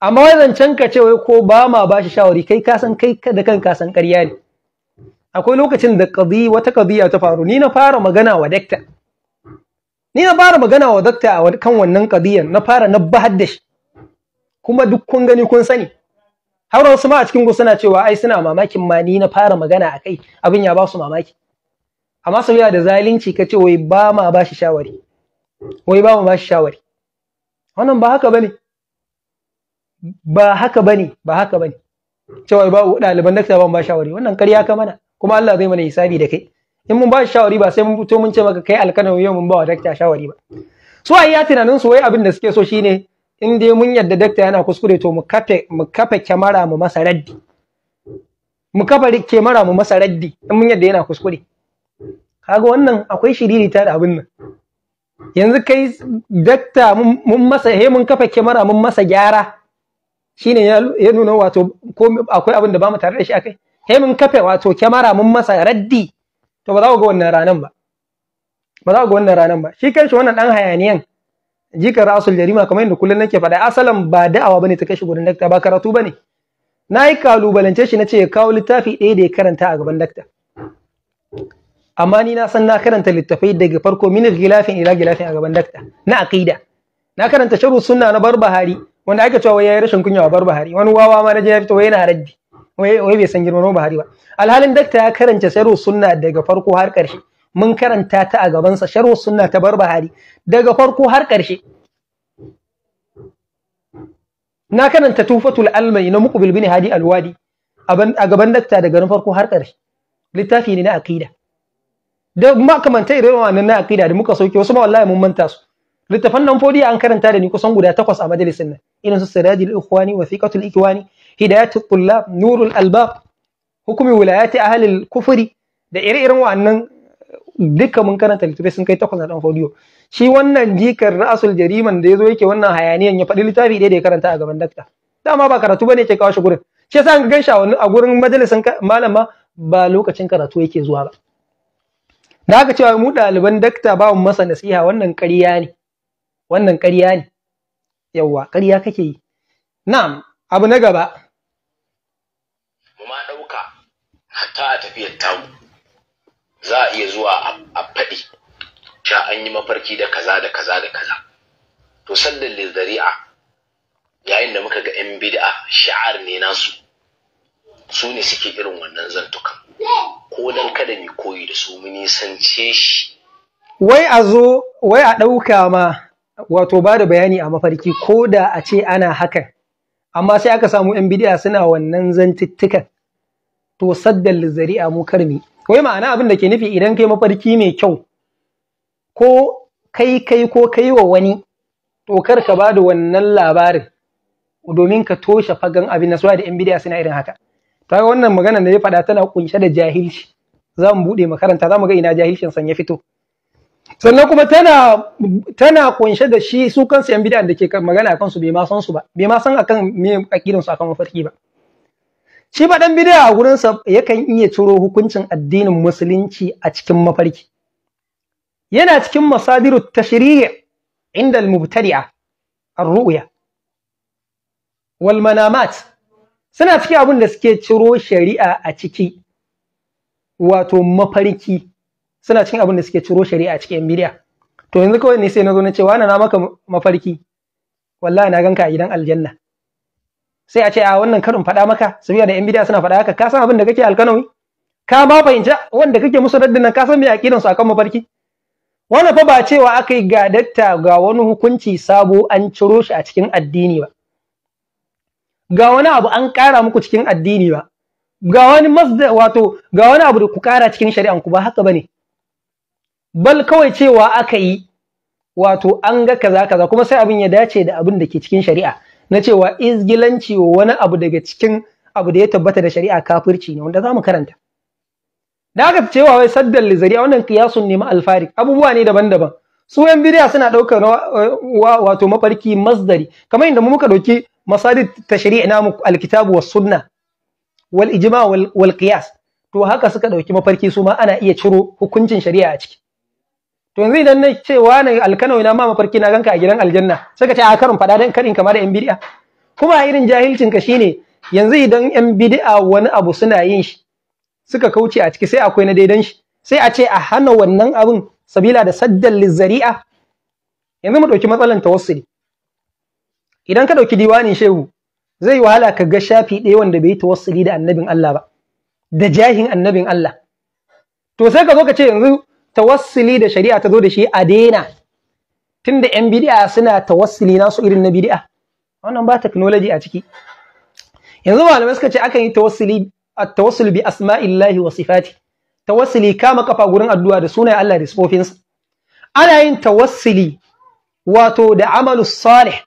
amma zancen ka ce wai ko ba ma ba shi shawari kai ka san kai da kanka san ƙarya ne akwai lokacin da kadi wata kadiya ta faru ni na fara magana wa dakta ni na fara magana wa dakta a kan wannan kadiyan na fara na bahar da shi kuma duk kun gani kun sani har wasu ma a cikin ku suna cewa ai suna mamakin ma ni na fara magana a kai abin ya ba su mamaki amma sauya da zalunci ka ce wai ba ma ba shi shawari wai ba ma ba shi shawari wannan ba haka bane ba haka bane ba haka bane cewa ba ɗaliban dakta ban ba shawari wannan ƙarya ka mana kuma Allah zai mana hisabi da kai in mun ba shawari ba sai mun fito mun ce maka kai alkanan yau mun ba wa dakta shawari ba su ai ya tunanin su wai abin da suke so shine in dai mun yadda dakta yana kuskure to mu kafe mu kafe mu masa raddi mu kafa mu masa raddi in mun yadda yana kuskure kaga wannan akwai ta da abin nan yanzu kai dakta mun masa he mun kafa kyamara mun masa gyara shine ya nuna wato ko akwai abin da ba mu tare da shi akai he mun kafa wato kyamara mun masa raddi to ba za ku ga wannan ranan ba ba za ku ga wannan ranan ba shi kanshi wannan dan hayaniyan jikar rasul jarima kamar yadda kullum nake faɗa asalan ba da'awa bane ta kashi gurin dakta ba karatu bane na yi kalubalance shi na ce ya kawo littafi ɗaya da ya karanta a gaban dakta amma ni na san na karanta littafai daga farko min gilafin ila gilafin a gaban dakta na aqida na karanta sharu sunna na barbahari wanda ake cewa yayi rashin kunya wa barbahari wani wawa ma na je ya fito yana raddi wai bai san girman barbahari ba alhalin dakta ya karanta sharu sunna daga farko har karshe mun karanta ta a gabansa sharu sunna ta barbahari daga farko har karshe na karanta tufatul almai na muqbil bin hadi alwadi a gaban dakta daga farko har karshe littafi ne na aqida da makamantan irin wannan na aqida da muka sauke wasu ma wallahi mun manta su littafan nan fodiya an karanta da ni kusan guda takwas a majalisin nan irin su sirajul ikhwani wasiqatul ikhwani hidayatul tullab nurul albab hukumi wilayati ahlil kufri da ire-iren wannan duka mun karanta littafai sun kai takwas a dan fodiyo shi wannan jikar ra'asul jariman da yazo yake wannan hayaniyan ya faɗi littafi ɗaya da ya karanta a gaban dakta dama ba karatu bane ke kawo shi gurin shi yasa an gan shi a gurin majalisin malama ba lokacin karatu yake zuwa ba da aka cewa mu ɗaliban dakta ba mu masa nasiha wannan ƙarya ne wannan ƙarya ne yawwa ƙarya kake yi na'am abu na gaba mu ma ɗauka hatta a tafiyar tamu za a iya zuwa a faɗi sha an yi mafarki da kaza da kaza da kaza to sallan lizzari'a yayin da muka ga 'yan bid'a sha'ar ne nasu su ne suke irin wannan zantukan ko dan kada mi koyi da su mun nisance shi wai a zo wai a ɗauka ma wato ba da bayani a mafarki ko da a ce ana hakan amma sai aka samu yan bidiya suna wannan zantuttukan to lizari a mu karmi wai ma'ana abin da ke nufi idan kai mafarki mai kyau ko kai kai ko kai wa wani to kar ka ba da wannan labarin domin ka toshe fagan abin nasuwa da yan bidiya suna irin haka ta wannan magana da ya faɗa tana kunshe da jahilci za mu buɗe makaranta za mu ga ina jahilcin san ya fito sannan kuma tana tana kunshe da shi su kansu yan bid'a da ke magana akan su bai ma san su ba bai ma san akan me akidan su akan mafarki ba shi ba dan bid'a a gurin sa yakan iya ciro hukuncin addinin musulunci a cikin mafarki yana cikin masadiru tashri' inda al-mubtadi'a ar-ru'ya wal manamat suna cikin abin da suke ciro shari'a a ciki wato mafarki suna cikin abin da suke ciro shari'a a cikin bidiya to yanzu kawai ne sai na zo na ce wani na maka mafarki wallahi na ganka a gidan aljanna sai a ce a wannan karin faɗa maka sabiya da yan bidiya suna faɗa haka ka san abin da kake alkanawi ka ma fahimci wanda kake musu raddin nan ka san me aqidan su akan mafarki wannan fa ba cewa aka yi gadatta ga wani hukunci sabo an ciro shi a cikin addini ba ga wani abu an ƙara muku cikin addini ba ga wani masda wato ga wani abu da ku ƙara cikin shari'an ku ba haka bane bal kawai cewa aka yi wato an ga kaza kaza kuma sai abin ya dace da abin da ke cikin shari'a na cewa izgilanci wani abu daga cikin abu da ya tabbata da shari'a kafirci ne wanda za mu karanta da aka cewa wai saddan lizariya wannan kiyasun ne alfari abubuwa ne daban-daban su yan bidiya suna ɗaukar wato mafarki masdari kamar inda muka ɗauki masadid tashri' namu alkitabu was sunna wal ijma wal qiyas to haka suka dauki mafarki su ma ana iya ciro hukuncin shari'a a ciki to yanzu idan na ce ne alkanawi na ma mafarki na ganka a gidan aljanna sai ka ce a karin fada dan karin kamar da yan bid'a kuma a irin jahilcin ka shine yanzu idan yan bid'a wani abu suna yin shi suka kauce a ciki sai akwai na daidan shi sai a ce a hana wannan abun sabila da saddal lizari'a yanzu mu dauki matsalan tawassuli idan ka ɗauki diwani shehu zai yi wahala ka ga shafi ɗaya wanda bai yi tawassuli da annabin Allah ba da jahin annabin Allah to sai ka zo ka ce yanzu tawassuli da shari'a ta zo da shi a daina tunda yan bid'a suna tawassuli nasu irin na bid'a wannan ba technology a ciki yanzu malamai suka ce akan yi tawassuli at-tawassul bi asma'illahi wa sifati tawassuli kama kafa gurin addu'a da sunayen Allah da sifofinsa ana yin tawasili wato da amalu salih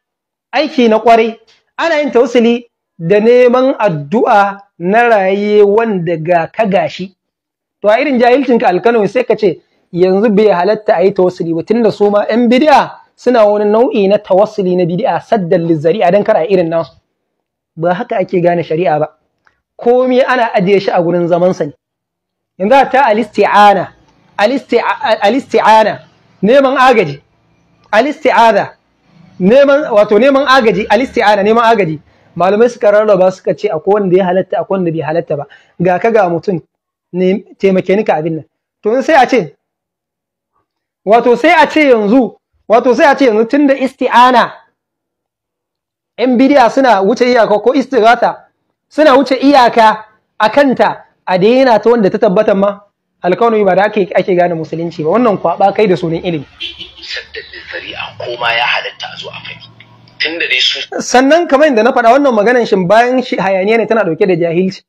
aiki na kwarai ana yin tausili da neman addu'a na raye wanda ga ka gashi to a irin ka alkano sai ka ce yanzu bai halatta a yi tawassuli ba tunda su ma 'yan bid'a suna wani nau'i na tawassuli na bid'a saddan lizari'a dan kar a irin nan. ba haka ake gane shari'a ba komai ana ajiye shi a gurin zamansa ne yanzu ta alisti'ana alisti'ana neman agaji alisti'ada neman wato neman agaji alisti'ana neman agaji malamai suka rarraba suka ce akwai wanda ya halatta akwai wanda bai halatta ba ga ka ga mutum ne taimake ni ka abin nan to sai a ce wato sai a ce yanzu wato sai a ce yanzu tunda isti'ana in bidiya suna wuce iyaka ko istighatha suna wuce iyaka a kanta a daina ta wanda ta tabbatar ma alkawari ba da ake ake gane musulunci ba wannan kwaba kai da sunan ilimi Sannan koma ya halatta a zo a tun da dai su sannan kamar yadda na faɗa wannan maganan shin bayan shi hayaniya ne tana ɗauke da jahilci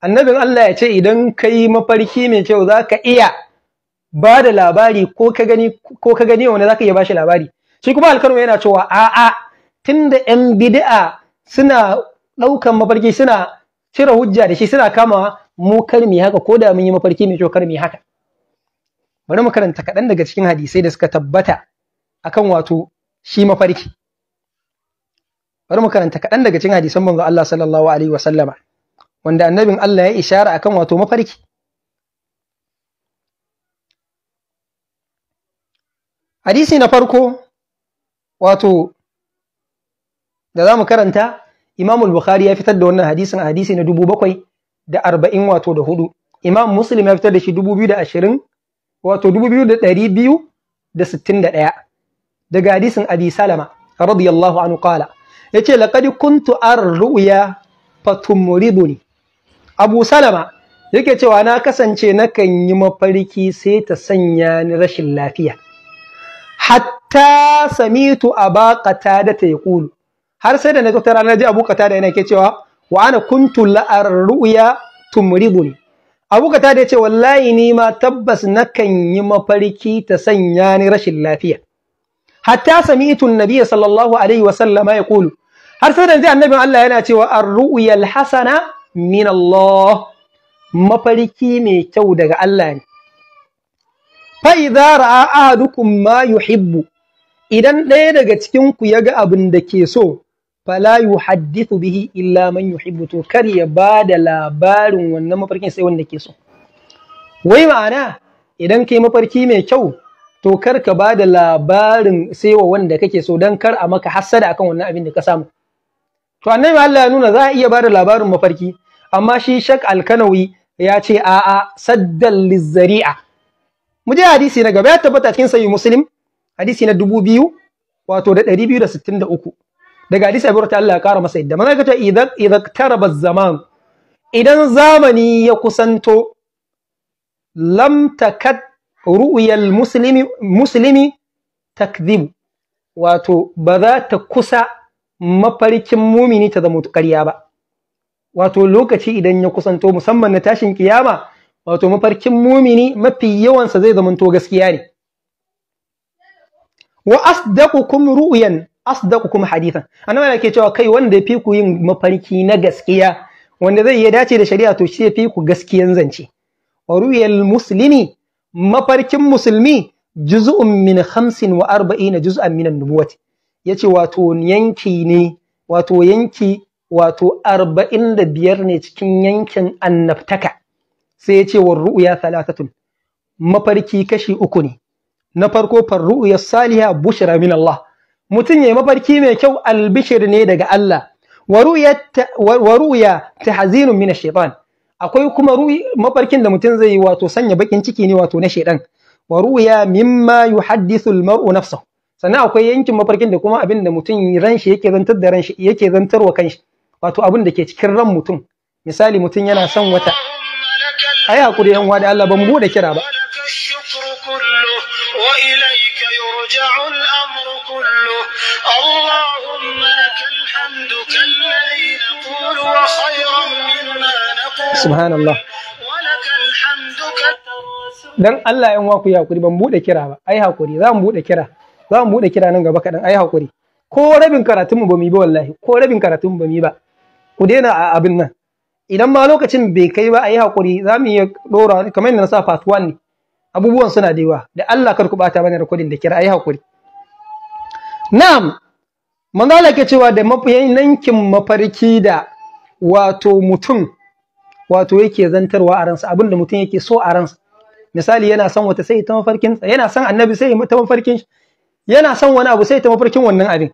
annabin Allah ya ce idan ka yi mafarki mai kyau za ka iya ba da labari ko ka gani ko ka gani za ka iya ba shi labari shi kuma alkanu yana cewa a'a tun da yan bid'a suna ɗaukan mafarki suna cire hujja da shi suna kama mu kar mu haka ko da mun yi mafarki mai kyau kar mu haka bari mu karanta kaɗan daga cikin hadisai da suka tabbata akan wato shi mafarki bari mu karanta kaɗan daga cin hadisan manzo Allah sallallahu alaihi wasallama wanda annabin Allah ya ishara akan wato mafarki hadisi na farko wato da za mu karanta imam al-bukhari ya fitar da wannan hadisin a hadisi na dubu bakwai da arba'in wato da hudu imam muslim ya fitar da shi dubu biyu da ashirin wato dubu biyu da ɗari biyu da sittin da ɗaya daga hadisin abi salama radiyallahu anhu qala yace laqad kuntu ar-ru'ya fatumriduni abu salama yake cewa na kasance nakan yi mafarki sai ta sanya ni rashin lafiya hatta samitu aba qatada ta yaqulu har sai da na zo ta ranar ji abu qatada yana ke cewa wa ana kuntu la ar-ru'ya tumriduni abu qatada yace wallahi ni ma tabbas nakan yi mafarki ta sanya ni rashin lafiya hatta sami'tu an-nabiy sallallahu alaihi wa sallama yaqulu har sai dan annabi Allah yana cewa ar-ru'yal hasana min Allah mafarki mai kyau daga Allah ne fa idza ra'a ahadukum ma yuhibbu idan ɗaya daga cikin ku yaga abin da ke so fala yuhaddithu bihi illa man yuhibbu to kar ya bada labarin wannan mafarkin sai wanda ke so wai ma'ana idan kai mafarki mai kyau to kar ka ba da labarin sai wa wanda kake so dan kar a maka hassada akan wannan abin da ka samu to annabi Allah ya nuna za a iya ba da labarin mafarki amma shi shak alkanawi ya ce a'a saddan lizari'a mu je hadisi na gaba ya tabbata cikin sahih muslim hadisi na dubu biyu wato da ɗari biyu da sittin da uku daga hadisi abu ta Allah ya kara masa yadda mana ka ce idan taraba zaman idan zamani ya kusanto lam takad ru'uyal muslimi muslimi wato ba za ta kusa mafarkin mumini ta zama ƙarya ba wato lokaci idan ya kusanto musamman na tashin kiyama wato mafarkin mumini mafi yawansa zai zamanto gaskiya ne wa asdaqukum ru'yan asdaqukum hadithan annabi yake cewa kai wanda yafi ku yin mafarki na gaskiya wanda zai iya dace da shari'a to shi yafi ku gaskiyan zance wa ru'yal muslimi mafarkin musulmi juz'un min hamsin wa arba'ina juz'an min nubuwati yace wato yanki ne wato yanki wato arba'in da biyar ne cikin yankin annabtaka sai yace wa ru'ya thalathatun mafarki kashi uku ne na farko farru'ya saliha bushra min Allah mutum yayi mafarki mai kyau albishir ne daga Allah wa ru'ya ta hazinun min ash-shaytan akwai kuma ru'i mafarkin da mutum zai yi wato sanya bakin ciki ne wato na shedan wa ru'ya mimma yuhaddithu al-mar'u nafsahu sannan akwai yankin mafarkin da kuma abin da mutum ran shi yake zantar da ran shi yake kanshi wato abin da ke cikin ran mutum misali mutum yana son wata ai hakuri yan uwa da Allah ban bude kira ba subhanallah dan Allah yan waku ya kuri ban bude kira ba ai hakuri za mu bude kira za mu bude kira nan gaba kadan ai hakuri ko rabin karatun mu ba mu yi ba wallahi ko rabin karatun mu ba mu yi ba ku daina a abin nan idan ma lokacin bai kai ba ai hakuri za mu iya dora kamar yadda na sa part 1 ne abubuwan suna da yawa da Allah kar ku bata mana recording da kira ai hakuri na'am manzo Allah ke cewa da mafiyan nankin mafarki da wato mutum wato yake zantarwa a ransa abinda mutum yake so a ransa misali yana son wata sai ta mafarkin yana son annabi sai ta mafarkin yana son wani abu sai ta mafarkin wannan abin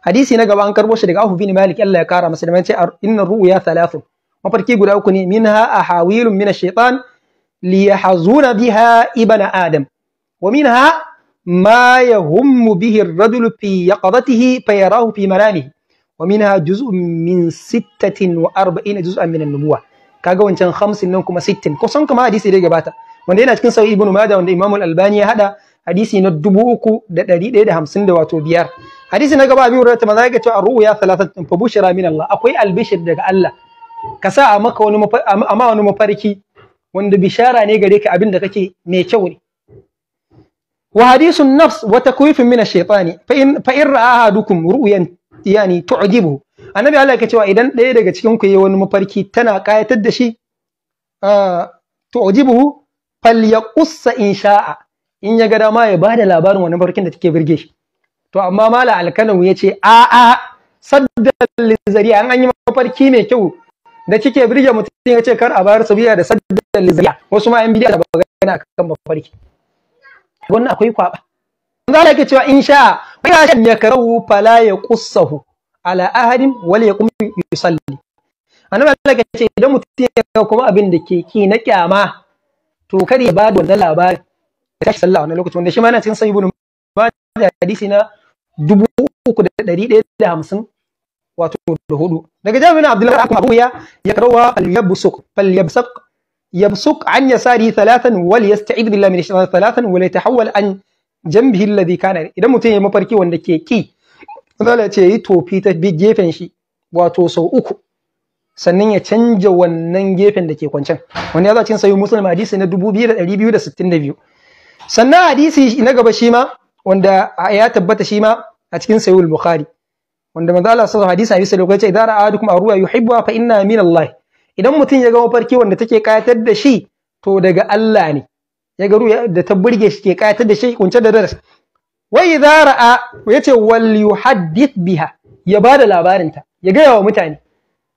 hadisi na gaba an karbo shi daga Abu bin Malik Allah ya kara masa da mace inna ru'ya thalathun mafarki guda uku ne minha ahawilun min ash-shaytan li yahzuna biha ibn adam wa minha ma yahummu bihi ar-rajulu fi yaqadatihi fayarahu fi manamihi wa minha juz'un min 46 juz'an min kaga wancan hamsin nan kuma sittin kusan kuma hadisi da gabata wanda yana cikin sahih ibnu majah wanda imamul albani ya hada hadisi na dubu uku da ɗari ɗaya da hamsin da wato biyar hadisi na gaba biyu rata maza ga cewa ruhu ya salatatun fa bushira min Allah akwai albishir daga Allah ka sa a maka wani amma wani mafarki wanda bishara ne gare ka abin da kake mai kyau ne wa hadisun nafs wa takwifin min ash-shaytani fa in fa in ra'aha dukum ru'yan yani tu'jibu annabi Allah yake cewa idan ɗaya daga cikin ku yi wani mafarki tana kayatar da shi to ujibuhu falyaqussa in sha'a in ya ga dama ya bada labarin wani mafarkin da take birge shi to amma mala alkanu ya ce a a saddal zariya an yi mafarki mai kyau da kike birge mutum ya ce kar a bayar sabiya da saddal zariya wasu ma yan bidiya da gana kan mafarki wannan akwai kwaba Allah yake cewa in sha'a wa ya shan yakrahu fala ya qussahu ala ahadin wal yaqum yusalli annabi Allah ya ce idan mutum ya kuma abin da ke ki na kyama to kar ya bada wannan labarin ya tashi sallah wannan lokacin wanda shi ma yana cikin sahih ibn da hadisi na 3150 wato da hudu daga jami'in abdullahi akum abu ya ya karawa al yabsuq fal yabsuq yabsuq an yasari thalathan wal yasta'id billahi min shaitan thalathan wal yatahawwal an jambihi alladhi kana idan mutum ya mafarki wanda ke ki Allah ce yi tofi ta gefen shi wato sau uku sannan ya canja wannan gefen da ke kwancen wani ya cin sayi muslim hadisi na 2262 sannan hadisi na gaba shi ma wanda ya tabbata shi ma a cikin sayi bukhari wanda manzo Allah sallallahu alaihi wasallam hadisi lokaci idan ra'adukum arwa yuhibbuha fa inna min Allah idan mutum ya ga mafarki wanda take kayatar da shi to daga Allah ne ya garu da ta burge shi ke kayatar da shi kunce da darasi Wai idza ra'a yace wal yuhaddith biha ya bada labarin ta ya gaya wa mutane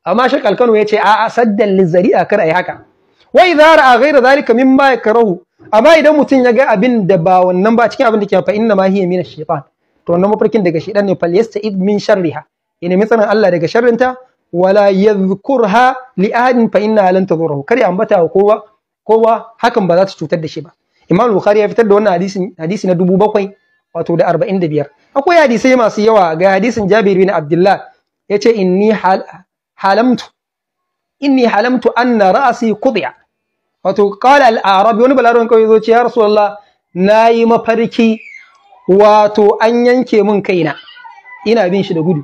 amma shek ya yace a'a saddan lizari'a kar ayi haka Wai idza ra'a ghayra zalika mimma karahu. amma idan mutum ya ga abin da ba wannan ba cikin abin da ke fa inna ma hiya min ash-shaytan to wannan mafarkin daga shaytan ne fal yasta'id min sharriha ya nemi tsarin Allah daga sharrinta wala yadhkurha li ahadin fa inna lan tadurruhu kar ya ambata kowa kowa hakan ba za ta cutar da shi ba imam bukhari ya fitar da wannan hadisi hadisi na bakwai. wato da arba'in da biyar akwai hadisai masu yawa ga hadisin jabir na abdullah ya ce inni halamtu inni halamtu anna ra'asi kudiya wato qala al-arabi wani balarun kawai zo ce ya rasulullah nayi mafarki wato an yanke min kaina ina bin shi da gudu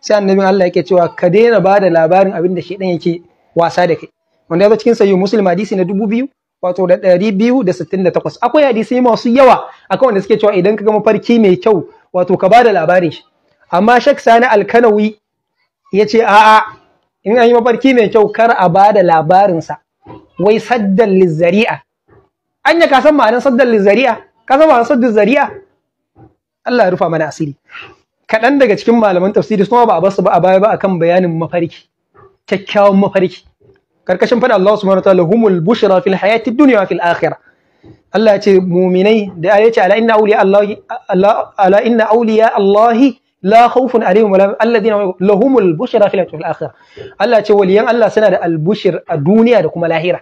sai annabin Allah yake cewa ka daina ba da labarin abin da shedan yake wasa da kai wanda ya zo cikin sayo muslim hadisi na dubu biyu wato da ɗari biyu da sittin da takwas akwai hadisai masu yawa akan wanda suke cewa idan ka ga mafarki mai kyau wato ka bada labarin shi amma shak sani alkanawi ya ce a'a in an yi mafarki mai kyau kar a bada labarinsa wai saddan lizzari'a anya ka san ma'anar saddan lizzari'a ka san saddan zari'a Allah ya rufa mana asiri kaɗan daga cikin malaman tafsiri suna ba a basu ba a baya ba akan bayanin mafarki kyakkyawan mafarki karkashin faɗa Allah subhanahu wataala humul bushra fil hayati dunya fil akhirah Allah ya ce muminai da ya ce ala inna awliya Allahi ala inna awliya Allah la khawfun alaihim wala alladhina lahumul bushra fil hayati fil akhirah Allah ya ce waliyan Allah suna da al albushir a duniya da kuma lahira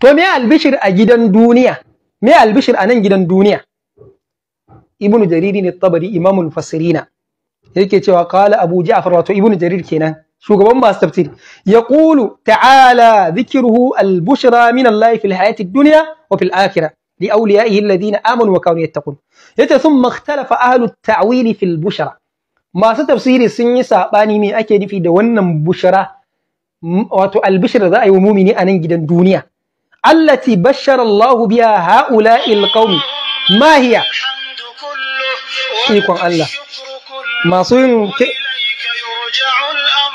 to me albishir a gidan duniya me albishir a nan gidan duniya ibnu jariri ne tabari imamul fasirina yake cewa qala abu ja'far wato ibnu jarir kenan shugaban masu tafsir ya ƙulu ta'ala zikiruhu albushra min Allah fil hayati dunya wa fil akhirah li awliyaihi alladhina amanu wa kanu yattaqun yace thumma ikhtalafa ahlu at-ta'wil fil bushra masu tafsiri sun yi sabani me ake nufi da wannan bushra wato albushra za a yi wa mumini a nan gidan duniya allati bashara Allah biha ha'ula'i alqawmi ma hiya ikon Allah masu yin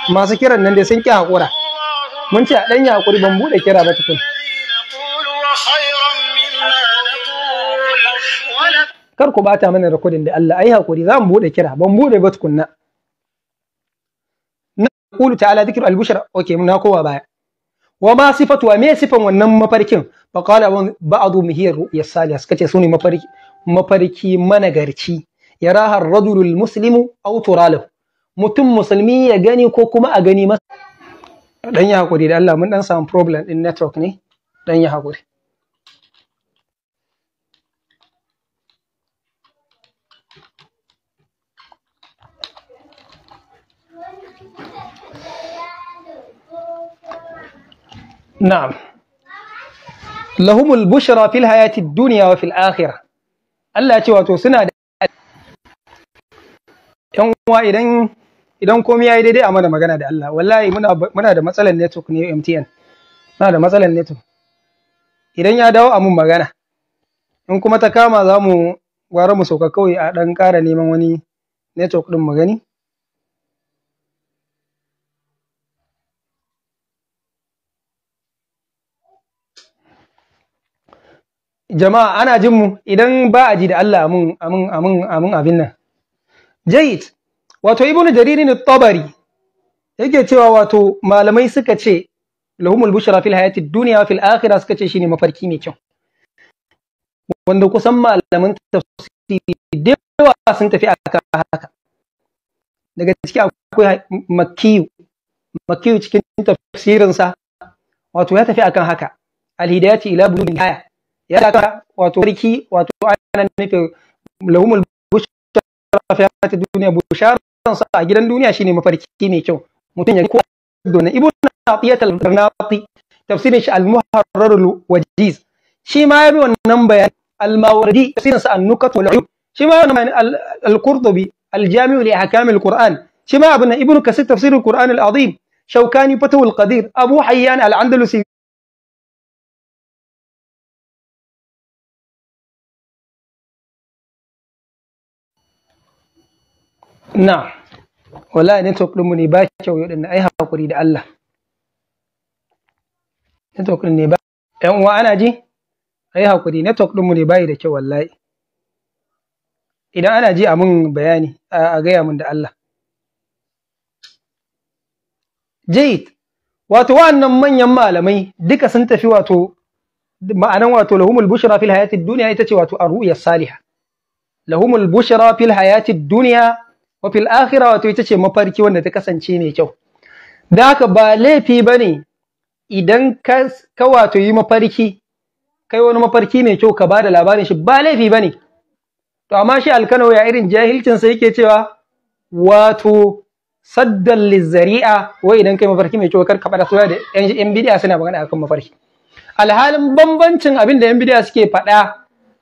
masu kiran nan dai sun ki hakura mun ce a ɗan yi hakuri ban buɗe kira ba tukun kar ku bata mana rikodin da Allah ai hakuri za mu buɗe kira ban buɗe ba tukun na qulu ta'ala dhikru al-bushra okay mun na kowa baya wa ma sifatu wa me sifan wannan mafarkin fa qala ba'du hiya ru'ya salih suka ce sune mafarki mafarki managarci yaraha ar-rajulu al-muslimu aw turalahu mutum musulmi ya gani ko kuma a gani masa dan ya hakuri da Allah mun dan samu problem din network ne dan ya hakuri نعم لهم البشرى في الحياة الدنيا وفي الآخرة الله تواتو سنة suna da ‘yan idan komai yayi daidai a mana magana da Allah wallahi muna muna da matsalar network ne MTN muna da matsalar network idan ya dawo a mun magana in kuma ta kama za mu gwara mu sauka kawai a ɗan ƙara neman wani network din mu gani jama'a ana jin mu idan ba a ji da Allah amin amin amin amin abin nan jayid wato ibnu jaririn tabari yake cewa wato malamai suka ce lahumul bushra fil hayati dunya fil akhirah suka ce shine mafarki mai kyau wanda kusan malaman tafsiri da yawa sun tafi aka haka daga ciki akwai makiyu makiyu cikin tafsirinsa wato ya tafi akan haka alhidayati ila bulughin haya ya taka wato farki wato ana nufin lahumul bushra fi hayati dunya bushara kansa a gidan duniya shine mafarki mai kyau mutum ya ko dona ibn atiyat al-barnati tafsirin shi al-muharrar al-wajiz shi ma ya bi wannan bayan al-mawardi tafsirin sa an-nukat wal uyub shi ma wannan al-qurtubi al-jami' li ahkam al-qur'an shi ma ibn ibn kasir tafsir al-qur'an al-azim shaukani fatu al-qadir abu hayyan al-andalusi na wallahi network ɗinmu ne ba kyau yau na ai haƙuri da Allah network ɗin ne ba ƴan uwa ana ji ai haƙuri network ɗinmu ne bayi da kyau wallahi idan ana ji a mun bayani a gaya mun da Allah jayid wato wa'annan manyan malamai duka sun tafi wato ma'anan wato lahumul bushra fil hayatid Duniya ita ce wato arruya salihah lahumul bushra fil hayatid Duniya. wa fil wato ita ce mafarki wanda ta kasance mai kyau da haka ba laifi bane idan ka ka wato yi mafarki kai wani mafarki mai kyau ka ba da labarin shi ba laifi bane to amma shi alkano ya irin jahilcin sa yake cewa wato saddan lizari'a wai idan kai mafarki mai kyau kar ka bada soyayya da yan bidiya suna magana akan mafarki alhalin bambancin abin da yan bidiya suke faɗa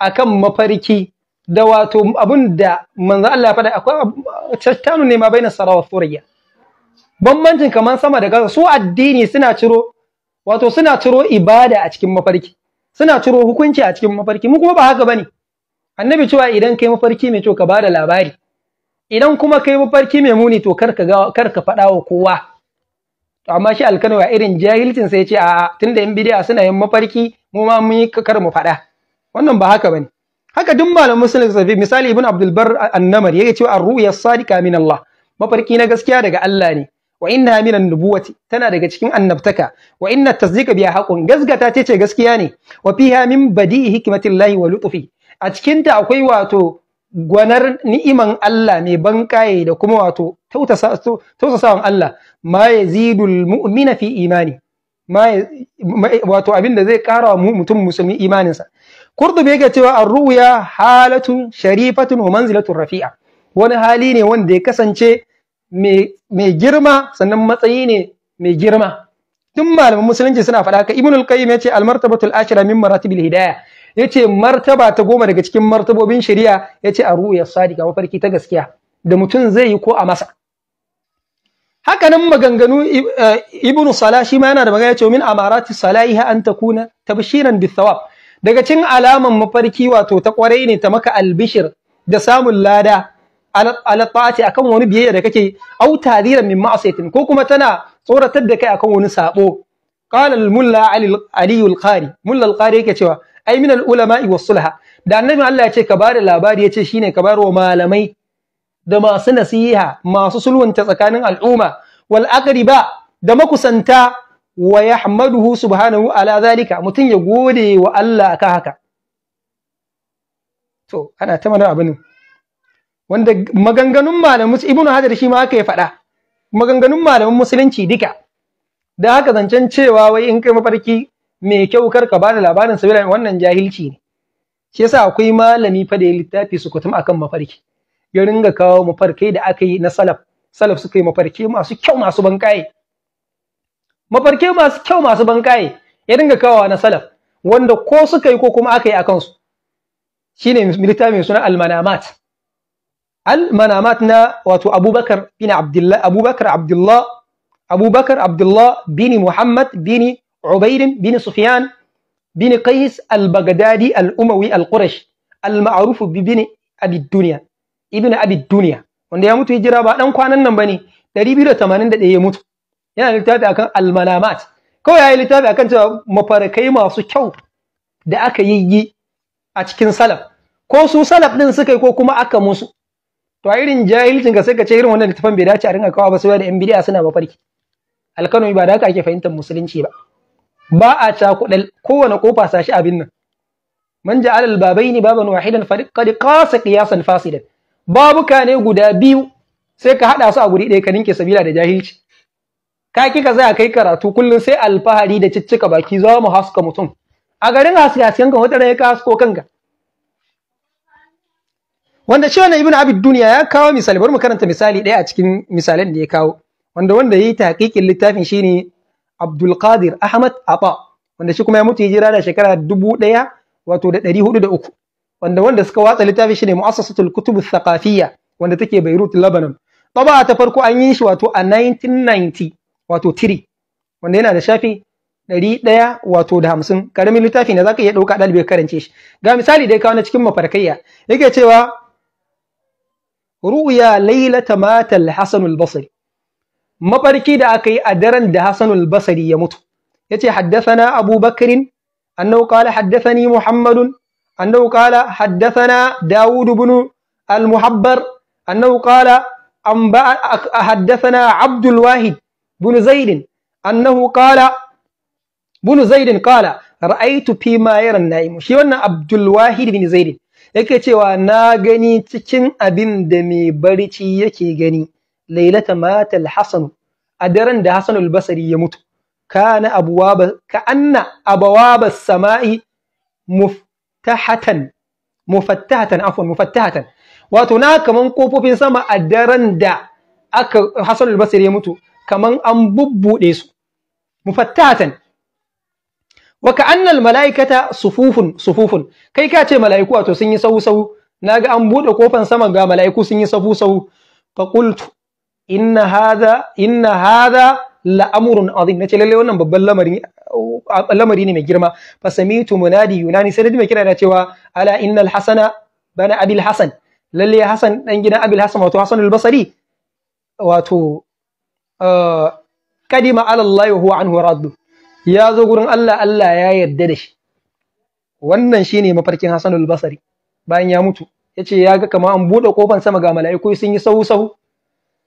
akan mafarki da wato abin da manzo Allah ya faɗa akwai tattanu ne ma baina sarawa suriya bambancin kaman sama da ƙasa su addini suna ciro wato suna ciro ibada a cikin mafarki suna ciro hukunci a cikin mafarki mu kuma ba haka bane annabi cewa idan kai mafarki mai kyau ka bada labari idan kuma kai mafarki mai muni to kar ka kar faɗa wa kowa to amma shi alkano ya irin jahilcin sai ya ce a tunda yan bidiya suna yin mafarki mu ma mun yi kar mu faɗa wannan ba haka bane haka duk malaman musulun safi misali ibn abdul bar annamar yake cewa ar-ru'ya as-sadiqa min Allah mafarki na gaskiya daga Allah ne wa inna min an-nubuwati tana daga cikin annabtaka wa inna tasdiqa biha haqqun gazgata ce ce gaskiya ne wa fiha min badi'i hikmatillahi wa lutfi a cikin ta akwai wato gwanar ni'iman Allah mai bankaye da kuma wato tausasawan Allah ma yazidul mu'mina fi imani wato abin da zai kara wa mutum musulmi imaninsa Kurdubi yake cewa ar-ru'ya halatu sharifatun wa manzilatun rafi'a. Wani hali ne wanda ya kasance mai girma sannan matsayi ne mai girma. Tun malaman musulunci suna faɗa haka Ibn al-Qayyim yace al-martabatul ashira min maratibil hidayah yace martaba ta goma daga cikin martabobin shari'a yace ar-ru'ya sadiqa mafarki ta gaskiya da mutum zai yi ko a masa. hakanan maganganu eh, ibnu salah shi ma yana da magana cewa min amarati salaiha an takuna tabshiran bisawab daga cin alaman mafarki wato ta kwarai ne ta maka albishir da samun lada ala akan wani biyayya da kake au tadiran min ma'asiyatin ko kuma tana tsoratar da kai akan wani sabo qala al mulla ali al qari mulla al qari yake cewa ai min al ulama wa sulha da annabi Allah ya ce ka bada labari ya ce shine ka wa malamai da masu nasiha masu sulhunta tsakanin al'umma wal aqriba da makusanta wa yahmaduhu subhanahu ala zalika mutum ya gode wa Allah akan haka to ana ta mana abin wanda maganganun malamin ibnu hajar shi ma aka ya faɗa maganganun malamin musulunci duka da haka zancen cewa wai in kai mafarki mai kyau kar ka da labarin sabila wannan jahilci ne shi yasa akwai malami fa ya littafi su kutum akan mafarki ya ringa kawo mafarkai da aka yi na salaf salaf suka yi mafarki masu kyau masu bankaye mafarke masu kyau masu bankaye ya dinga kawawa na salaf wanda ko suka yi ko kuma aka yi a kansu shine milita mai suna almanamat almanamat na wato abubakar bin abdullah abubakar abdullah abubakar abdullah bin muhammad bin ubaidin bin sufyan bin qais al-baghdadi al-umawi al-qurash al-ma'ruf bin abi dunya ibn abi dunya wanda ya mutu hijira ba dan kwanan nan bane 281 ya mutu yana littafi akan almanamat kawai yi littafi akan cewa mafarkai masu kyau da aka yi a cikin salaf ko su salaf din suka yi ko kuma aka musu to a irin jahilcin ka sai ka ce irin wannan littafin bai dace a ringa kawo ba sai da yan bidiya suna mafarki alkanomi ba da haka ake fahimtar musulunci ba ba a cakuɗa kowane kofa sashi abin nan man ja'ala al-babaini baban wahidan qad qasa qiyasan fasidan babuka ne guda biyu sai ka hada su a guri ɗaya ka ninke sabila da jahilci ka kika zai kai karatu kullum sai alfahari da ciccika baki za mu haska mutum a garin hasken kan wata ya ka hasko kanka wanda shi wannan ibnu abid duniya ya kawo misali bari mu karanta misali ɗaya a cikin misalan da ya kawo wanda wanda yayi tahqiqin littafin shine Abdul Qadir Ahmad Aba wanda shi kuma ya mutu hijira da shekara 1000 wato da 403 wanda wanda suka watsa littafin shine Muassasatul Kutub Thaqafiyya wanda take Beirut Lebanon taba ta farko an yi shi wato a 1990 wato tiri wanda yana da shafi ɗari ɗaya wato da hamsin ƙaramin littafi ne za ka iya ɗauka ɗalibi ka karance shi ga misali dai kawo na cikin mafarkayya yake cewa ru'ya ta matal hasanul basri mafarki da aka yi a daren da hasanul basri ya mutu yace haddathana Abubakrin, annahu qala haddathani muhammadun annahu qala haddathana daud ibn al-muhabbar annahu qala an haddathana بن زيد أنه قال بن زيد قال رأيت فيما يرى النائم شي wannan Abdul Wahid bin Zaid yake cewa na gani cikin abin da mai barci yake gani lailata matal hasan a daren da Hassan al ya mutu kana abwaba ka anna abwaba samai muftahatan mufattahatan afwan mufattahatan wato na kaman kofofin sama a daren da aka Hassan al ya mutu kaman an bubbuɗe su mufattatan wa ka'anna almalaikata sufufun sufufun kai ka ce mala'iku wato sun yi sahu sahu naga an buɗe kofan saman ga mala'iku sun yi sahu sahu fa qultu inna hadha inna hadha la'amrun azim wannan babban lamari ne mai girma fa samitu munadi yunani sai mai kira na cewa ala innal hasana bana abil hasan lalle hasan dan gidan abil hasan wato hasan al wato kadima eh, alallahi wa huwa anhu raddu ya zo gurin Allah Allah ya yarda da shi wannan shine mafarkin Hassan al-Basri bayan ya mutu yace ya ga kamar an bude kofan sama ga mala'iku sun yi sahu sahu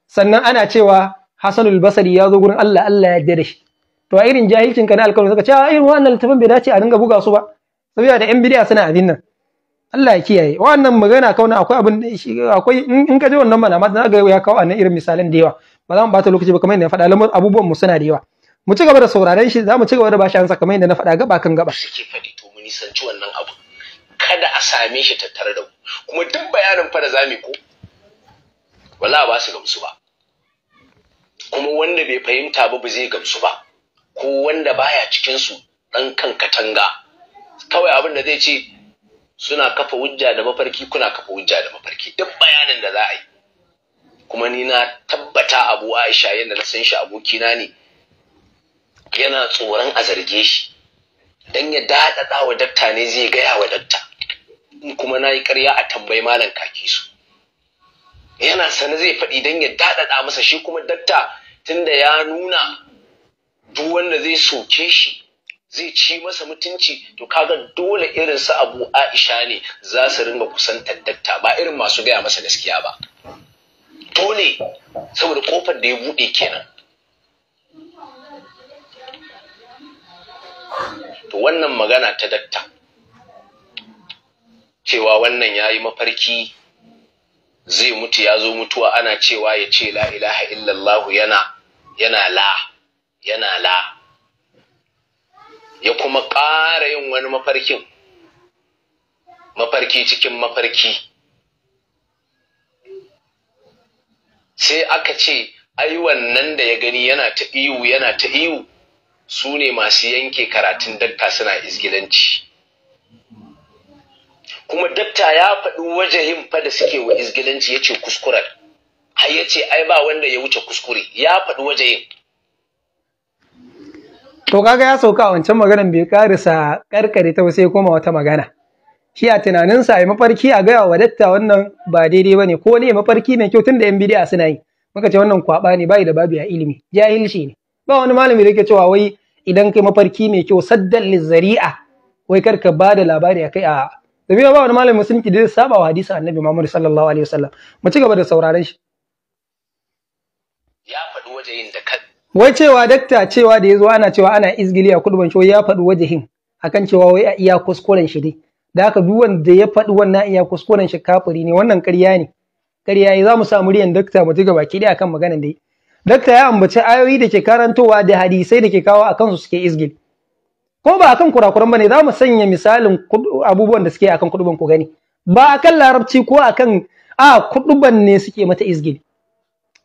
sannan ana cewa Hassan al-Basri ya zo gurin Allah Allah ya yarda da shi to a irin jahilcin ka na alƙawari saka ce a ah, irin wannan littafin bai dace a dinga buga su ba saboda da yan bidiya suna abin nan Allah ya kiyaye wannan magana kauna akwai abin akwai in ka je wannan malama za ga ya kawo annan irin misalan da yawa ba za mu bata lokaci ba kamar yadda na faɗa lamar abubuwan mu suna da yawa mu ci gaba da sauraron shi za mu ci gaba da bashi ansa kamar yadda na faɗa gaba kan gaba ke faɗi to mu nisanci wannan abu kada a same shi tattare da mu kuma duk bayanin fa da za mu ko wala ba su gamsu ba kuma wanda bai fahimta ba ba zai gamsu ba ko wanda baya cikin su dan kan katanga kawai abin da zai ce suna kafa hujja da mafarki kuna kafa hujja da mafarki duk bayanin da za a yi kuma ni na tabbata abu aisha yadda na san shi abokina ne yana tsoron a zarge shi dan ya daɗaɗa wa dakta ne zai gaya wa dakta kuma na yi ƙarya a tambayi malam kaki su yana sane zai faɗi dan ya daɗaɗa masa shi kuma dakta tunda ya nuna duk wanda zai soke shi zai ci masa mutunci to kaga dole irin su abu aisha ne za su ringa kusantar dakta, ba irin masu gaya masa gaskiya ba dole saboda kofar da ya buɗe kenan to wannan magana ta datta, cewa wannan ya yi mafarki zai mutu ya zo mutuwa ana cewa ya ce la ilaha illallahu yana yana la yana la ya kuma ƙara yin wani mafarkin mafarki cikin mafarki sai aka ce ai wannan da ya gani yana ta iyu yana ta iyu su ne masu yanke karatun dakta suna izgilanci kuma dakta ya faɗi wajahin yin da suke wa izgilanci ya ce kuskurar, har ya ce ai ba wanda ya wuce kuskure ya faɗi yin. to kaga ya sauka a wancan maganan bai karisa karkare ta sai koma wata magana shi a tunaninsa ya mafarki a gaya wa datta wannan ba daidai ba ne ko ne mafarki mai kyau tun da yan bidiya suna yi muka ce wannan kwaba ne bai da babu ya ilimi jahilci ne ba wani malami da yake cewa wai idan kai mafarki mai kyau saddan lizari'a wai kar ba da labari a kai a domin ba wani malami musulunci da zai saba wa hadisi annabi Muhammad sallallahu alaihi wasallam mu ci gaba da sauraron shi ya faɗi wajehin da wai cewa dakta cewa da ya zo ana cewa ana izgili a kudu ban ya faɗi wajehin akan cewa wai a iya kuskuren shi dai da haka duk wanda ya faɗi wannan iya kuskuren shi kafiri ne wannan ƙarya ne ƙarya ne za mu samu riyan dakta mu jiga baki ɗaya akan maganan dai dakta ya ambaci ayoyi da ke karantowa da hadisai da ke kawo akan su suke izgil ko ba akan kurakuran bane za mu sanya misalin abubuwan da suke akan kuduban ku gani ba akan larabci ko akan a kuduban ne suke mata izgili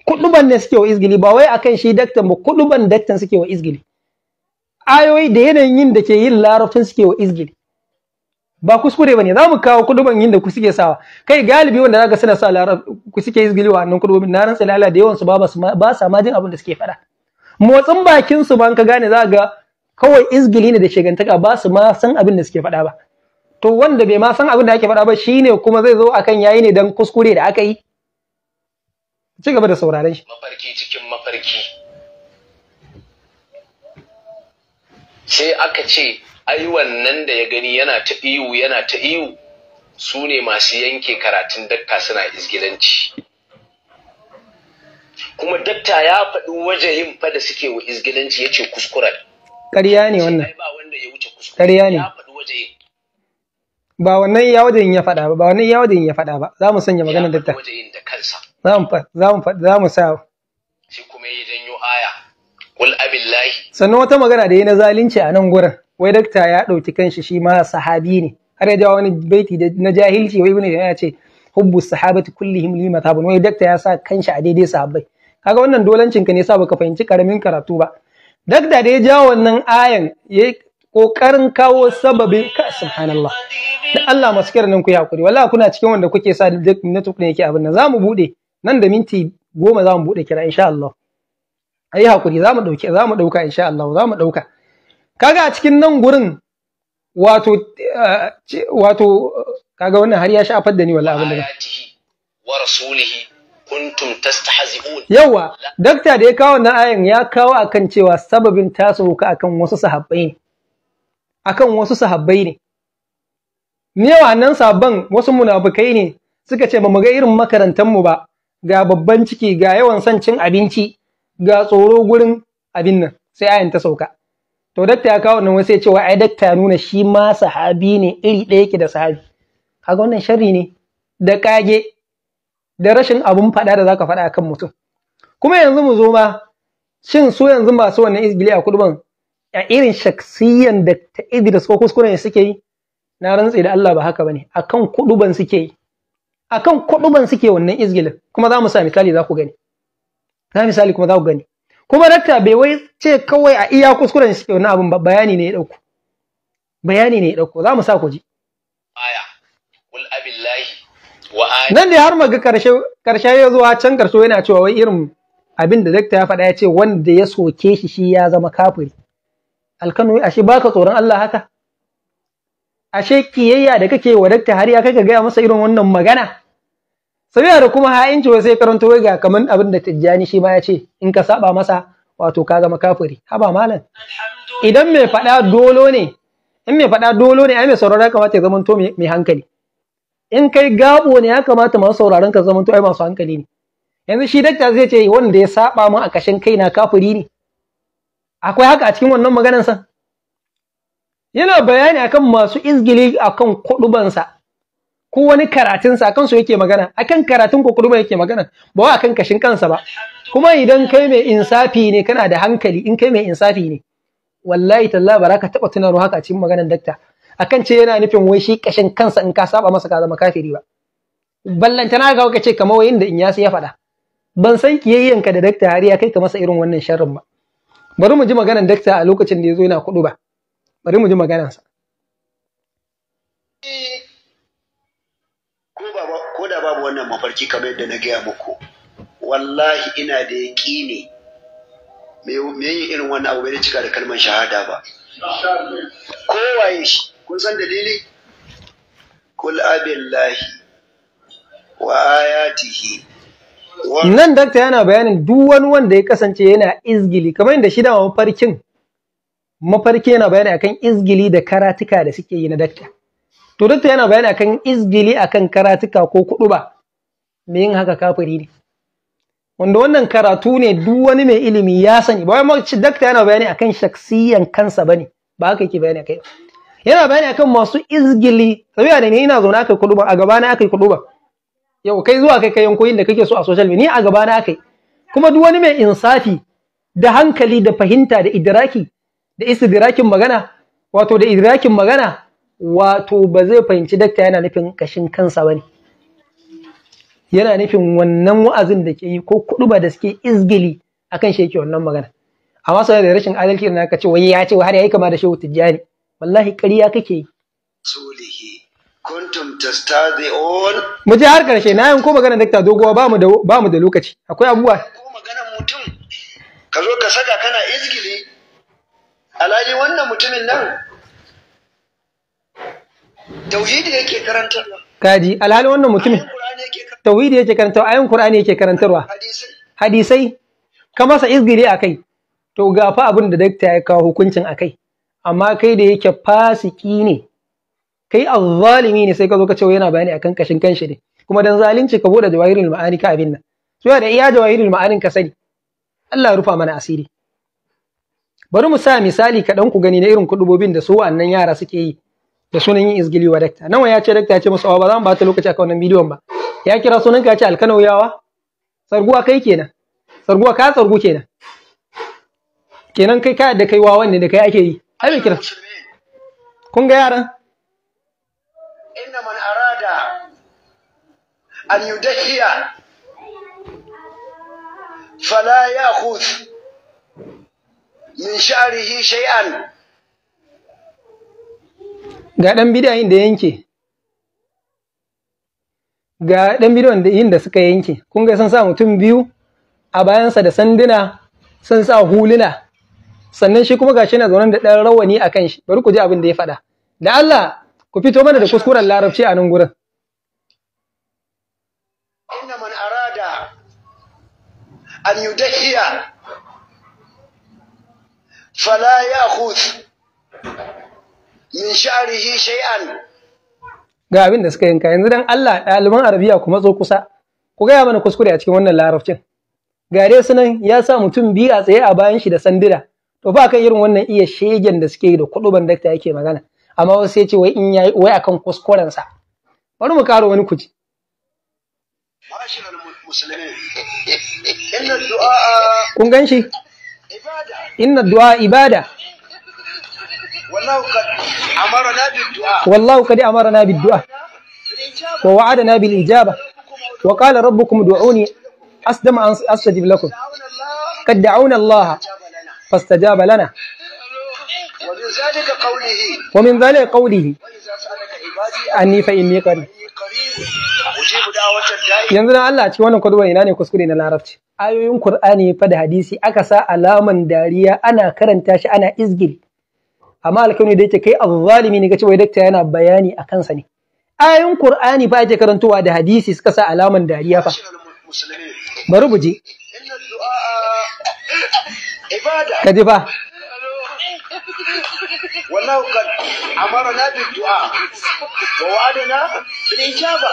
kuduban ne suke wa izgili ba wai akan shi daktan ba kuduban daktan suke wa izgili ayoyi da yanayin da ke yin larabcin suke wa izgili ba kuskure bane za mu kawo kuduban yin da ku suke sawa kai galibi wanda zaka suna sa ku suke izgiliwa nan kudubin na ran lala da yawan su ba ba sa ma jin abin da suke faɗa motsin bakin su ban ka gane za ga kawai izgili ne da shegantaka ba su ma san abin da suke faɗa ba to wanda bai ma san abin da ake faɗa ba shine kuma zai zo akan yayi ne dan kuskure da aka yi ci gaba da sauraron shi mafarki cikin mafarki sai aka ce ai wannan da ya gani yana ta iyu yana ta iyu su ne masu yanke karatun dakta suna izgilanci kuma dakta ya faɗi wajahin fa da suke wa izgilanci ya ce kuskura ƙarya ne wannan ƙarya ne ba wannan ya wajen ya faɗa ba ba wannan ya wajen ya faɗa ba za mu sanya magana dakta za mu sa shi kuma ya janyo aya qul abillahi sannan wata magana da yi na zalunci a nan gurin wai dakta ya ɗauki kanshi shi ma sahabi ne har ya jawo wani baiti na jahilci wai ibn ya ce hubbu sahabati kullihim li matabun wai dakta ya sa kanshi a daidai sahabbai kaga wannan dolancin ka ne sa baka fahimci karamin karatu ba dakta da ya jawo wannan ayan ya kokarin kawo sababi ka subhanallah da Allah kira nan ku hakuri. wallahi kuna cikin wanda kuke sa network ne yake abin nan zamu bude nan da minti goma zamu bude kira insha Allah ayi hakuri zamu dauke zamu dauka insha Allah zamu dauka kaga a cikin nan gurin wato eh, wato kaga wannan har ya shafar da ni wallahi abin da wa rasulihi kuntum tastahzi'un yawa dakta da ya kawo wannan ayin ya kawo akan cewa sababin ka akan wasu sahabbai ne akan wasu sahabbai ne ne nan sabon wasu munafukai ne suka ce ba mu ga irin makarantar mu ba ga babban ciki ga yawan son cin abinci ga tsoro gurin abin nan sai ayin ta sauka to dakta ya kawo nan sai cewa ai dakta ya nuna shi ma sahabi ne iri ɗaya yake da sahabi kaga wannan sharri ne da ƙage. da rashin abun faɗa da zaka faɗa akan mutum kuma yanzu mu zo ma shin su yanzu ba su wannan izgili a kudban a irin shaksiyan da ta Idris ko ne suke yi na rantse da Allah ba haka bane akan kuduban suke yi akan kuduban suke wannan izgilin kuma za mu sa misali za ku gani za misali kuma za ku gani kuma dakta bai wai ce kawai a iya kuskuren shi wannan abin bayani ne ya dauko bayani ne ya dauko za mu sa ku ji aya kul abillahi wa ayi nan da har maga karshe karshe ya zo can karso yana cewa wai irin abin da dakta ya faɗa ya ce wanda ya soke shi shi ya zama kafiri alkanu ashe baka tsoron Allah haka ashe kiyayya da kake wa dakta har ya kai ka gaya masa irin wannan magana sabiya da kuma ha'inci wai sai karanto wai ga kaman abin da tijjani shi ma ya ce in ka saba masa wato ka zama kafiri haba malam idan mai faɗa dolo ne in mai faɗa dolo ne ai mai sauraron ka kamata ya to mai hankali in kai gabo ne ya kamata masu sauraron ka to ai masu hankali ne yanzu shi dakta zai ce wanda ya saba min a kashin kaina kafiri ne akwai haka a cikin wannan maganar sa yana bayani akan masu izgili akan kudubansa ko wani karatun sa kansu yake magana akan karatun kokurma yake magana ba wa kan kashin kansa ba kuma idan kai mai insafi ne kana da hankali in kai mai insafi ne wallahi talla ba ka taba tunarwa haka a cikin maganar dakta akan ce yana nufin wai shi kashin kansa in ka saba masa ka zama kafiri ba na ga kace kamar wayin da in ya ya faɗa ban san kiyayyanka da dakta har ya kai ka masa irin wannan sharrin ba bari mu ji maganar dakta a lokacin da ya zo yana kudu ba bari mu ji maganarsa wannan mafarki kamar yadda na gaya muku wallahi ina da ne. me yin irin wannan abu bai cika da kalmar shahada ba kowaye shi kun san dalili kul abillahi wa ayatihi nan dakta yana bayanin duk wani wanda ya kasance yana izgili kamar yadda shi dama mafarkin mafarki yana bayani akan izgili da karatuka da suke yi na dakta to dakta yana bayani akan izgili akan karatuka ko ba. me yin haka kafiri ne wanda wannan karatu ne duk wani mai ilimi ya sani ba wai ci dakta yana bayani akan shaksiyan kansa bane ba haka yake bayani akai yana bayani akan masu izgili sabiya ne ina zaune akai kuduba a gaba na akai kuduba yau kai zuwa kai kayan koyin da kake so a social media ni a gaba na akai kuma duk wani mai insafi da hankali da fahimta da idraki da istidrakin magana wato da idrakin magana wato ba zai fahimci dakta yana nufin kashin kansa bane yana nufin wannan wa'azin da ke yi ko kuɗuba da suke izgili akan shi yake wannan magana amma sai da rashin adalci na ka ce wai ya ce har yayi kama da shehu tijjani wallahi ƙarya kake yi sulihi kuntum tastadi'un mu je har karshe na yin ko magana dakta doguwa ba mu da ba mu da lokaci akwai abubuwa ko maganar mutum ka zo ka saka kana izgili alhali wannan mutumin nan tauhidi yake karantarwa kaji alhali wannan mutumin yake tauhidi yake karantarwa ayin qur'ani yake karantarwa hadisai ka masa izgiri akai to ga abin da dakta ya kawo hukuncin akai amma kai da yake fasiki ne kai azzalimi ne sai ka zo ka ce yana bayani akan kashin kanshi ne kuma dan zalunci ka bude jawahirul ma'ani ka abin nan so da iya jawahirul ma'anin ka sani Allah ya rufa mana asiri bari mu sa misali kaɗan ku gani na irin kudubobin da su wannan yara suke yi da sunan yin izgili wa dakta nawa ya ce dakta ya ce musu ba za mu ba ta lokaci akan wannan bidiyon ba ya kira sunanka ya ce yawa? sarguwa kai kenan sarguwa ka sargu kenan kenan kai ka da kai wawan ne da kai ake yi ai bai kira kun ga yaran inna man arada an yudahiya fala ya'khudh min sha'rihi shay'an ga dan bidayin da yanke ga ɗan bidiyon da yin da suka yanke kun ga sun sa mutum biyu a bayansa da sanduna sun sa huluna sannan shi kuma gashi na zaune da ɗan rawani a kan shi bari ku ji abin da ya faɗa da Allah ku fito mana da kuskuren larabci a nan gurin inna man arada an yudahiya fala ya'khudh min sha'rihi shay'an ga abin da suka yanka yanzu dan Allah ɗaliban arabiya kuma zo kusa ku gaya mana kuskure a cikin wannan larabcin gare su nan ya sa mutum biyu a tsaye a bayan shi da sandira to ba kan irin wannan iya shegen da suke yi da ban dakta yake magana amma wasu ya ce wai in yayi wai akan kuskuren sa bari mu karo wani kuji kun gan shi inna du'a ibada والله قد أمرنا بالدعاء ووعدنا بالإجابة وقال ربكم ادعوني أسدم أستجب لكم قد دعونا الله فاستجاب لنا ومن ذلك قوله أني فإني قريب yanzu na Allah cikin wannan kwaduwa ina ne kuskure na larabci ayoyin kur'ani fa da hadisi aka sa alaman dariya ana karanta shi ana izgil amma alkauni da yake kai abu zalimi ne ga wai dakta yana bayani a kansa ne ayoyin qur'ani fa yake karantowa da hadisi suka sa alaman dariya fa bari buje eh, ji fa والله قد أمرنا بالدعاء ووعدنا بالإجابة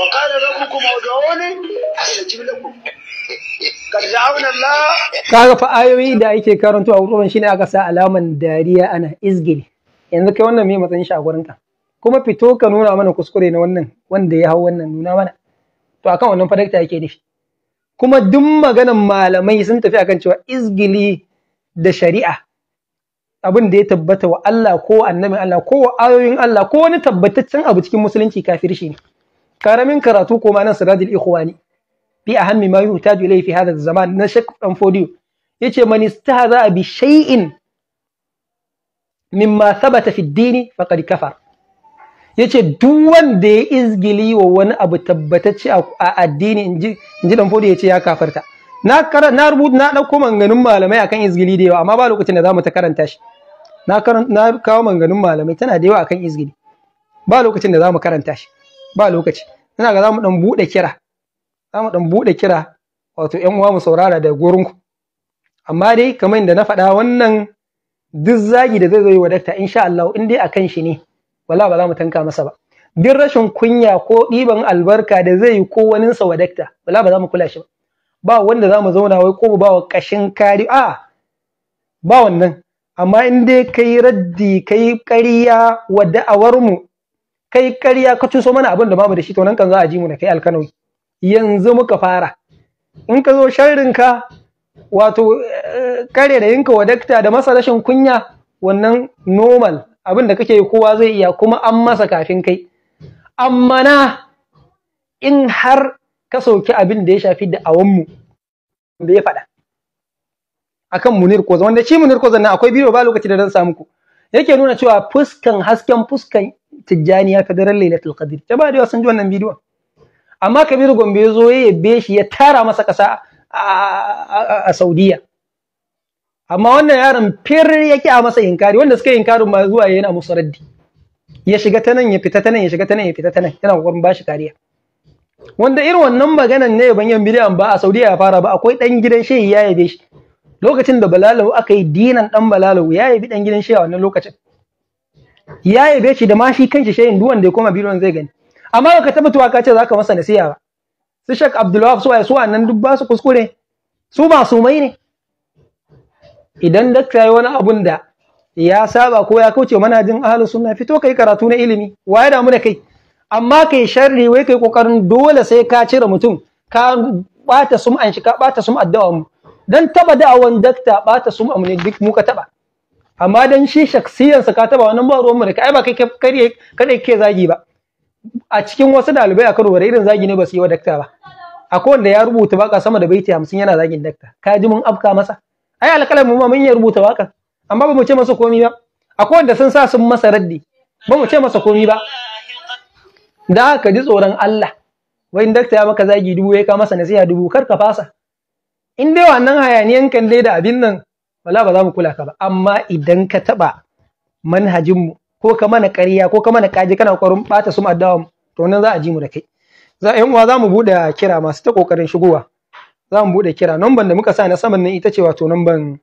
وقال ربكم ادعوني أستجب لكم kaga fa ayoyi da ake karanto a wurin shine aka sa alaman dariya ana izgili yanzu kai wannan me matsayin shi a gurinka kuma fito ka nuna mana kuskure na wannan wanda ya hau wannan nuna mana to akan wannan fadakta yake nufi kuma duk maganan malamai sun tafi akan cewa izgili da shari'a abin da ya tabbata wa Allah ko annabin Allah ko wa ayoyin Allah ko wani tabbataccen abu cikin musulunci shi ne karamin karatu ko ma nan siradul ikhwani bi ahammi ma yuhtaju ilayhi fi hadha zaman na shek dan fodiyo yace man istahza bi shay'in mimma thabata fi ad-din faqad kafar yace duk wanda ya izgili wa wani abu tabbatacce a addini inji inji dan fodiyo yace ya kafarta na na rubuta na dauko maganganun malamai akan izgili da yawa amma ba lokacin da zamu ta karanta shi na na kawo manganin malamai tana da yawa akan izgidi ba lokacin da zamu karanta shi ba lokaci ina ga zamu dan bude kira zamu dan bude kira wato yan uwa mu saurara da gurin ku amma dai kamar yadda na faɗa wannan duk zagi da zai zo yi wa dakta insha Allah in dai akan shi ne wala ba za mu tanka masa ba duk rashin kunya ko ɗiban albarka da zai yi ko waninsa wa dakta wala ba za mu kula shi ba ba wanda za mu zauna wai ko ba wa kashin kari a ba wannan amma in dai kai raddi kai ƙarya wa da'awar mu kai ƙarya ka cuso mana abin da babu da shi to nan kan za a ji mu da kai alkanawi yanzu muka fara in ka zo sharrin ka wato kare eh, da yinka wadakta da masa rashin kunya wannan normal abin da kake kowa zai iya kuma an masa kafin kai amma na in har ka sauki abin da ya shafi da awanmu bai faɗa akan Munir Kozan wanda shi Munir Kozan nan akwai biyo ba lokaci da dan samu ku yake nuna cewa fuskan hasken fuskan Tijjaniya ta daren Lailatul Qadr ta ba da sun ji wannan bidiyon amma Kabir Gombe ya zo ya yabe shi ya tara masa kasa a Saudiya amma wannan yaron fir yake a masa inkari wanda suka yi inkarin ba zuwa yana musu raddi ya shiga ta nan ya fita ta nan ya shiga ta nan ya fita ta nan yana kokarin bashi kariya wanda irin wannan maganan ne ban yan bidiyon ba a Saudiya ya fara ba akwai dan gidan shehi ya yabe shi lokacin da balalahu aka yi dinan dan balalahu ya yabi dan gidan shehu wannan lokacin ya yabe shi da ma shi kanshi shehin duwan da ya koma biro zai gani amma baka tabbatu ka ce za ka masa nasiya ba su shek abdulwahab su waye su wannan duk ba su kuskure su ba su mai ne idan dakta yi wani abun da ya saba ko ya kauce jin ahlus sunna fito kai karatu na ilimi waye da mu da kai amma kai sharri wai kai kokarin dole sai ka cire mutum ka bata an shi ka bata addu'a mu dan taba da'awan dakta bata su mu ne duk muka taba amma dan shi shaksiyansa ka taba wannan ba ruwan mu da kai ba kai kare kada ke zagi ba a cikin wasu dalibai a Kano bare irin zagi ne ba su yi wa dakta ba akwai wanda ya rubuta baka sama da baiti 50 yana zagin dakta ka ji mun afka masa ai alƙalam mu ma mun yi rubuta baka amma ba mu ce masa komai ba akwai wanda sun sa sun masa raddi ba mu ce masa komai ba da haka ji tsoron Allah wai dakta ya maka zagi dubu ya ka masa nasiha dubu kar ka fasa in dai wannan hayaniyan kalle da abin nan wala ba za mu kula ka ba amma idan ka taɓa manhajinmu ko ka mana ƙarya ko ka mana kaji kana ƙoƙarin ɓata su addawa to nan za a ji mu da kai za ƴan uwa za mu buɗe kira masu ta ƙoƙarin shigowa za mu buɗe kira namban da muka sa na saman nan ita ce wato namban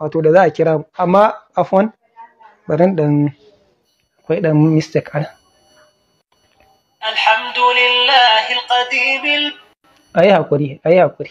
wato da za a kira amma afwan baran dan akwai dan mistake ana alhamdulillahi alqadim ayi hakuri ayi hakuri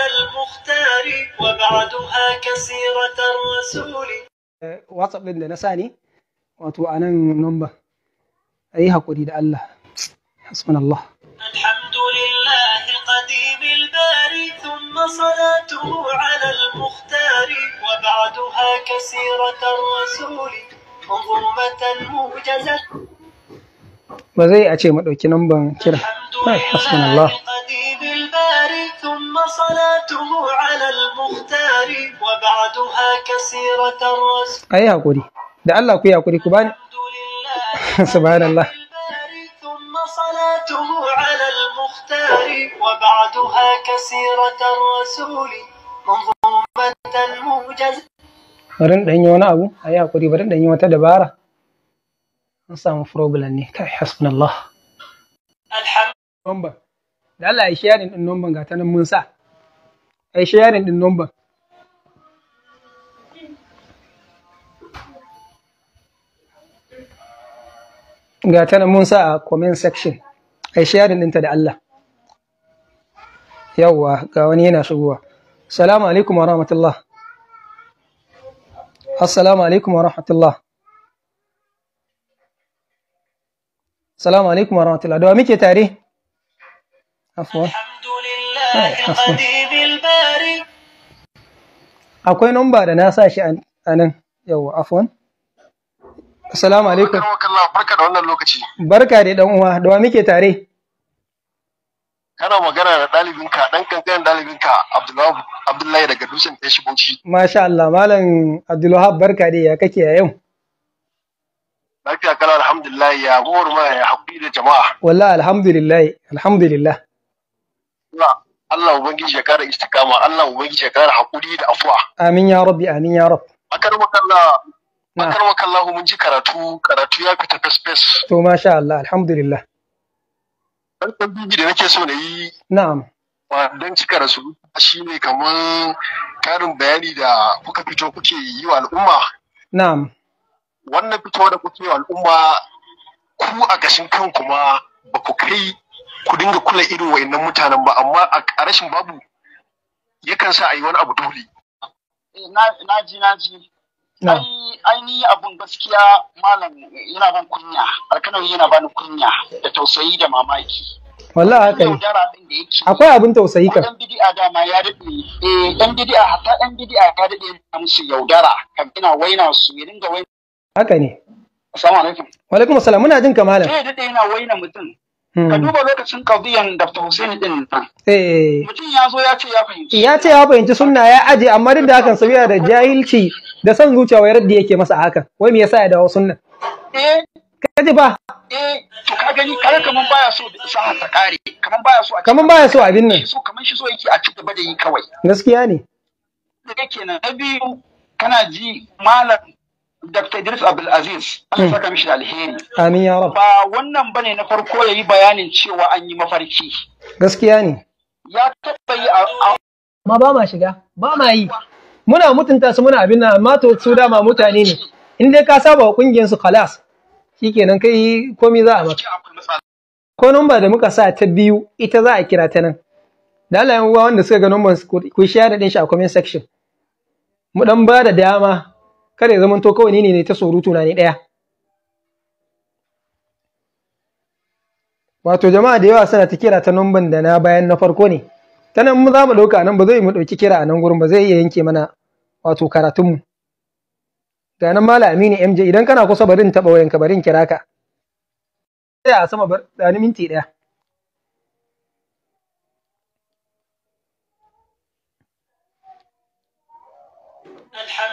الأستار وبعدها كسيرة الرسول واتساب ɗin da na sa ne wato a nan nomba a yi haƙuri da Allah hasbunallah الحمد لله القديم الباري ثم صلاته على المختار وبعدها كسيرة الرسول منظومة موجزة ba zai a ce maɗauki namban kira. Hasbunallah. ثم صلاته على المختار وبعدها كسيرة الرسم أي هاكوري ده الله كوي كبان سبحان الله ثم صلاته على المختار وبعدها كسيرة الرسول منظومة موجزة barin ɗanyi wani abu a hakuri barin ɗanyi wata dabara an samu problem ne kai hasbunallah alhamdulillah da Allah ya sharing din numban ga ta nan mun sa ai sharing din numban ga ta nan mun sa a comment section ai sharing ɗinta da Allah yawwa ga wani yana shigowa salamu alaikum wa rahmatullah assalamu alaikum wa rahmatullah salamu alaikum wa rahmatullah da wa muke tare akwai nomba da na sa shi a nan yau, afwan assalamu alaikum barka da wannan lokaci barka da dan uwa da wa muke tare kana magana da ɗalibinka ɗan kankan ɗalibinka abdullahi daga dutsen ta shi bauchi masha Allah malam abdullahi barka dai ya kake a yau lafiya kala alhamdulillah ya gowar ma ya haƙuri da jama'a wallahi alhamdulillah alhamdulillah addu'a Allah ubangiji ya kara istikama Allah ubangiji ya kara haƙuri da afuwa amin ya rabbi amin ya rabb akarmakalla makalla mun ji karatu karatu ya fita fes to masha Allah alhamdulillah dan tambayi da nake so na yi na'am don cika rasu shi ne kamar karin bayani da kuka fito kuke yi wa al'umma. Na'am. Wannan fito da kuke yi wa al'umma ku a gashin kanku ma, ba ku kai ku dinga kula irin wa'annan mutanen ba amma a rashin babu yakan sa a yi wani abu dole eh, na ji na ji ainihi abun gaskiya malam yana ban kunya alkanar yana bani kunya da tausayi da mamaki Wala haka ne. Akwai abin tausayi kan. Ɗan bidi'a dama ya daɗe. Eh ɗan bidi'a hatta ɗan bidi'a ya daɗe na musu yaudara kan ina waina su ya dinga waina. Haka ne. Assalamu alaikum. Wa alaikum assalam muna jin kamalan. Eh daɗe yana waina mutum. Hmm. Ka duba lokacin kaudiyan Dr. Hussein din nan. Eh. Mutum ya zo ya ce ya fahimci. Ya ce ya fahimci sunna ya aje amma duk da hakan saboda da jahilci da son zuciya wai raddi yake masa hakan. Wai me yasa ya dawo sunna? Eh. Kaji ba. Eh, to ka gani kare kaman baya so sa'a ta kare, kaman baya so a Kaman baya so abin nan. So kaman shi so yake a ci gaba da yi kawai. Gaskiya ne. Da kake na biyu kana ji malam Dr. Idris Abdul Aziz, Allah hmm. saka mishi da alheri. Amin ya rabu. Ba wannan ba ne na farko ya yi bayanin cewa an yi mafarki. Gaskiya ne. Ya taɓa yi a ma ba ma shiga, ba ma yi. Muna mutunta su muna abin nan, amma to su dama mutane ne. In dai ka saba wa kungiyar su khalas, kenan kai komai za a maka. Ko numba da muka sa ta biyu ita za a kira ta nan. Da Allah yan uwa wanda suka ga numban ku ya din shi a comment section. Mu ɗan ba da dama kada ya to kawai ne ne ta surutu na ne ɗaya wato jama'a da yawa suna ta kira ta numban da na bayan na farko ne ta nan za mu ɗauka nan ba zai mu ɗauki kira a nan gurin ba zai iya yanke mana wato karatunmu ga nan mala aminu mj idan kana kusa barin taɓa wayanka barin kira ka tsaya a sama bar ɗani minti ɗaya الحمد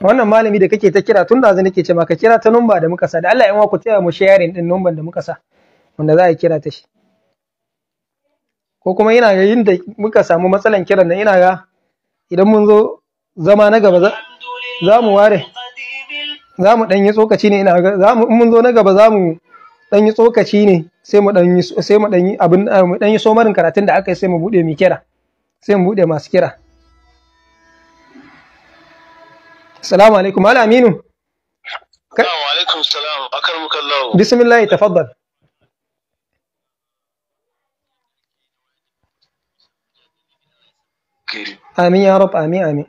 wannan malami da kake ta kira tun da zan nake ce maka kira ta numba da muka sa da Allah ya ku taya mu sharing din numban da muka sa wanda za a kira ta shi ko kuma ina ga yin da muka samu matsalan kiran nan ina ga idan mun zo zama na gaba za mu ware za mu dan yi tsokaci ne ina ga in mun zo na gaba za mu dan yi tsokaci ne sai mu dan yi sai mu dan yi abin mu dan yi somarin karatun da aka yi sai mu bude mi kira sai mu bude masu kira assalamu alaikum mala aminu alaikum salam akarmuka allah bismillah tafaddal amin ya rab amin amin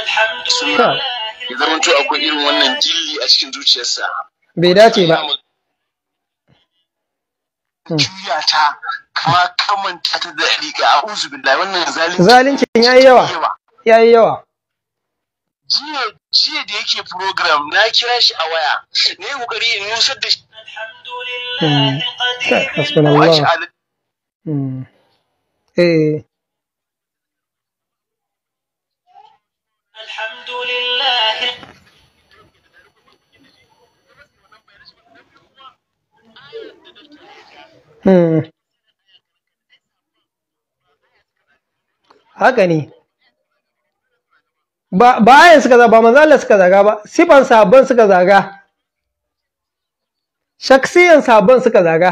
alhamdulillah ya zamanto akwai irin wannan jilli a cikin zuciyarsa bai dace ba hmm. juya ta kamanta ta da riga a uzu billahi wannan zalunci yayi yawa ya yi yawa jiya jiya da yake program na kira shi a waya ne kokari in nusar da shi alhamdulillah eh Haka ne. ba ayan suka zaga ba manzo Allah suka zaga ba sifan sabon suka zaga shaksiyan sabon suka zaga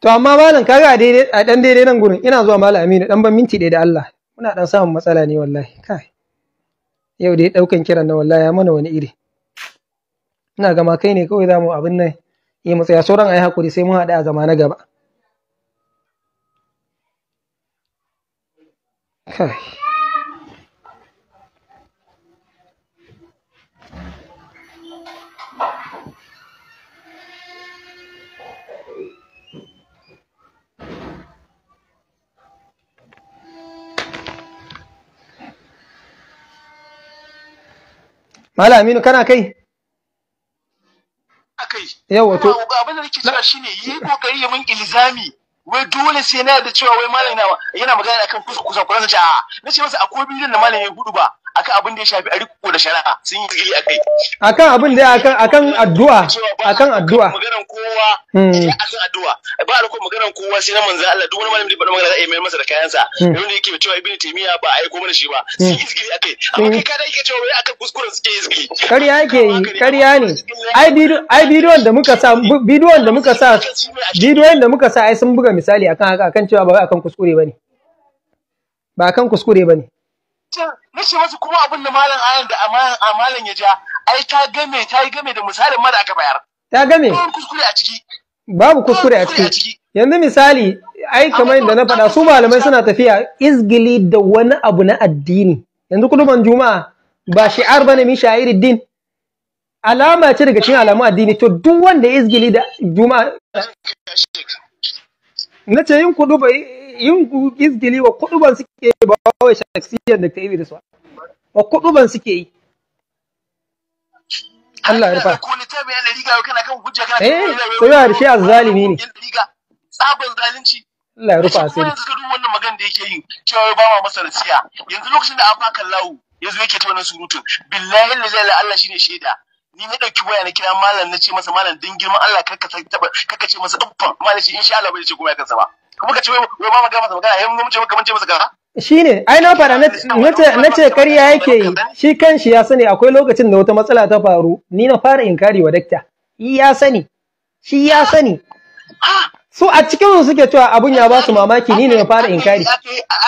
to amma malam kaga a daidai a dan daidai nan gurin ina zuwa malam Aminu dan ban minti da Allah muna dan samun matsala ne wallahi kai yau dai daukan kiran na wallahi ya mana wani iri ina gama kai ne kawai zamu abin nan yi matsaya sauran ayi hakuri sai mun haɗu a zama na gaba Mala Aminu kana kai? Akai. Yawa to. Abin da nake cewa shine yi kokari ya mun ilzami. wai dole sai na da cewa wai malami yana yana magana akan kusa kusa kusa ce a na ce masa akwai bidiyon da malami ya hudu ba akan abin da ya shafi ariko da shari'a sun yi tsiri akai akan abin da akan akan addu'a akan addu'a maganar kowa hmm. akan addu'a ba ariko maganar kowa sai na manzo Allah duk wani malami da faɗa magana za a yi mai masa da kayansa yayin hmm. da yake cewa ibnu taymiya ba a aiko mana shi ba sun yi tsiri hmm. akai amma kai ka da yake cewa wai akan kuskuren suke yi tsiri kariya yake yi kariya ne ai bidiyo ai bidiyon da muka sa bidiyon da muka sa bidiyon da muka sa ai sun buga misali akan haka akan cewa ba akan kuskure bane ba akan kuskure bane cin ce wasu kuma abin da malam ayan da amalan ya ja ai ta game ta yi game da misalin ma da aka bayar ta game babu kuskure a ciki babu kuskure a ciki yanzu misali ai kamar yadda na faɗa su malamai suna tafiya izgili da wani abu na addini yanzu kuduban juma'a ba shi'ar bane min sha'ir din alama ce daga cikin alamu addini to duk wanda izgili da juma'a na ce yin kudu bai yin gizgili wa kuduban suke yi ba wai shaksiyar da ta yi da su wa kuduban suke yi Allah ya rufa eh ko ya rufe a zalimi ne tsaban zalunci Allah ya rufa asiri yanzu ka duk wannan magana da yake yi cewa ba ma masa nasiya yanzu lokacin da afa kallahu yanzu yake ta wannan surutun billahi la ilaha Allah shine shaida ni na dauki waya na kira malam na ce masa malam dan girman Allah kar ka taba kar ce masa uffan malam shi insha Allah bai ce kuma ya kansa ba muka ce wai ba magana masa magana yayin mun ce maka mun ce masa Shi shine ai na fara nace nace ƙarya yake yi shi kanshi ya sani akwai lokacin da wata matsala ta faru ni na fara inkari wa dakta ya sani shi ya sani su a cikin su suke cewa abun ya ba su mamaki ni ne na fara inkari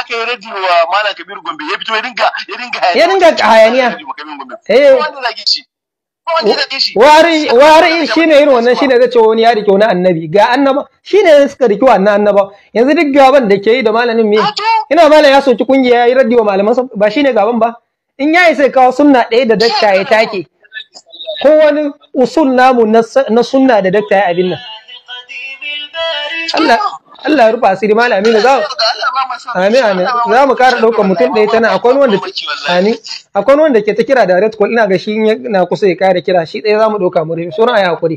ake yi rajin wa malam kabiru gombe ya fito ya dinga hayaniya ya dinga hayaniya eh wari shi ne irin wannan shi ne zai ce wani ya rike wani annabi ga annaba shi ne suka rike wannan annaba yanzu duk gaban da ke yi da malamin me ina malam ya soki kungiya ya yi raddi wa malaman ba shi ne gaban ba in ya isa kawo sunna ɗaya da dakta ya take ko wani usul namu na sunna da dakta ya abin nan Allah Allah ya rufa asiri malam Aminu za Amin amin za mu kara ɗaukar mutum ɗaya tana akwai wanda ani akwai wanda ke ta kira da red call ina ga shi na kusa ya kare kira shi ɗaya za mu ɗauka mu rai sauran ayi hakuri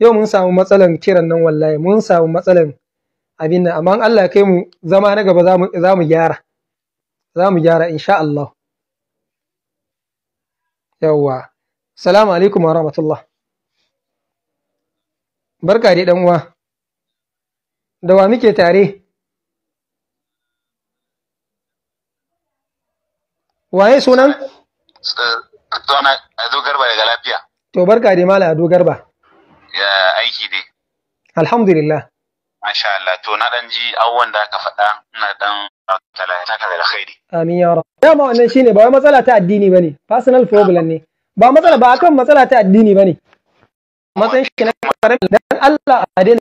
yau mun samu matsalan kiran nan wallahi mun samu matsalan abin nan amma Allah ya kai mu zama na gaba za mu gyara za mu gyara insha Allah yawwa salamu alaikum wa rahmatullah barka dai dan uwa Da wa muke tare? Waye sunan? Zana Ado Garba daga lafiya. To barka da mala Ado Garba. Ya aiki ne. Alhamdulillah. Masha Allah to na dan ji awon da aka faɗa ina dan talata ka da khairi. Amin ya rab. Dama wannan shine ba wai matsala ta addini bane, personal problem ne. Ba matsala ba akan matsala ta addini bane. Matsayin shi na karamin dan Allah a daina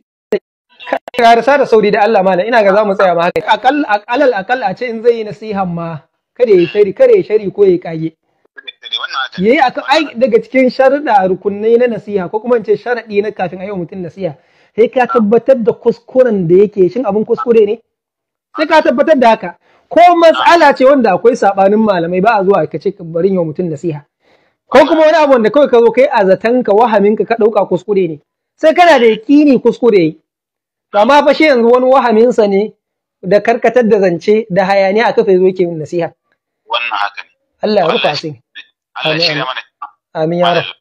karisa da sauri da Allah mala ina ga za mu tsaya ma haka akal alal akal a ce in zai yi nasihan ma kada ya shari kada ya shari ko ya kage yayi aka ai daga cikin sharuɗa rukunai na nasiha ko kuma in ce sharaɗi na kafin ayyuka mutum nasiha sai ka tabbatar da kuskuren da yake shin abin kuskure ne sai ka tabbatar da haka ko matsala ce wanda akwai sabanin malamai ba a zuwa ka ce barin yau mutum nasiha ko kuma wani abu da kawai ka zo kai a ka wahaminka ka ɗauka kuskure ne sai kana da yakini kuskure to amma fa shi yanzu wani wahaminsa ne da karkatar da zance da hayaniya a kafa yake min nasiha wannan haka ne Allah ya rufa sai Allah ya shirya mana amin ya rabb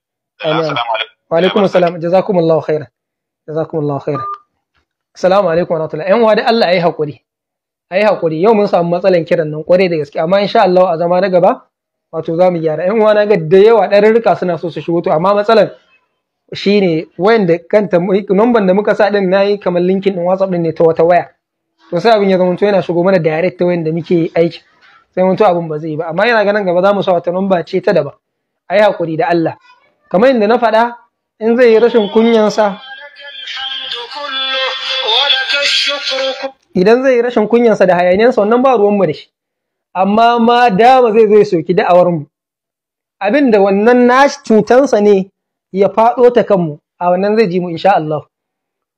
amin assalamu alaikum wa alaikum assalam jazakumullahu khairan jazakumullahu khairan assalamu alaikum wa rahmatullahi yan wada Allah Ayi hakuri ayi hakuri yau mun samu matsalan kiran nan kwarai da gaske amma insha Allah a zama na gaba wato za mu gyara yan uwa na ga da yawa ɗarurruka suna so su shigo to amma matsalan shine wayan da kanta numban da muka sa din yi kamar linkin din WhatsApp din ne ta wata waya to sai abin ya zama to yana shigo mana direct ta wayan da muke aiki sai mun to abin ba zai ba amma yana ganin gaba za mu sa wata numba ce ta daban ayi hakuri da Allah kamar yadda na faɗa in zai yi rashin kunyansa idan zai yi rashin kunyansa da hayaniyansa wannan ba ruwanmu da shi amma ma dama zai zo ya soki da'awar mu abin da wannan nashi cutansa ne ya faɗo ta kanmu a wannan zai ji mu insha Allah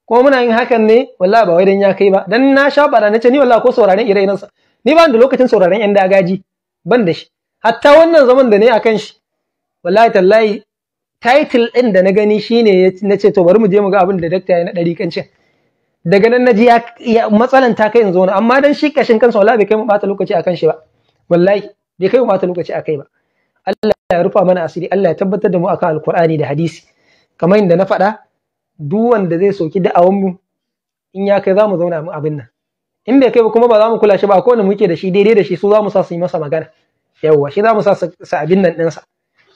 kuma muna yin hakan ne wallahi ba wai dan ya kai ba dan na sha bara ce ni wallahi ko sauraren ire iren sa ni ba da lokacin sauraren yan dagaji ban da shi hatta wannan zaman da ne akan shi wallahi tallahi title din da na gani shine ce to bari mu je mu ga abin da dakta ya na dari kancin daga nan naji ya matsalan ta kai yanzu amma dan shi kashin kansa wallahi bai kai mu bata lokaci akan shi ba wallahi bai kai mu bata lokaci akai ba Allah ya rufa mana asiri Allah ya tabbatar da mu akan alkur'ani da hadisi kamar yadda na faɗa duk wanda zai soki da'awan mu in ya kai zamu zauna mu abin nan in bai kai ba kuma ba za mu kula shi ba ko wanda muke da shi daidai da shi su za mu sa su yi masa magana yawwa shi za mu sa sa abin nan ɗinsa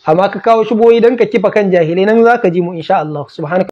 amma ka kawo shuboyi don ka kifa kan jahilai nan za ka ji mu insha Allah subhanaka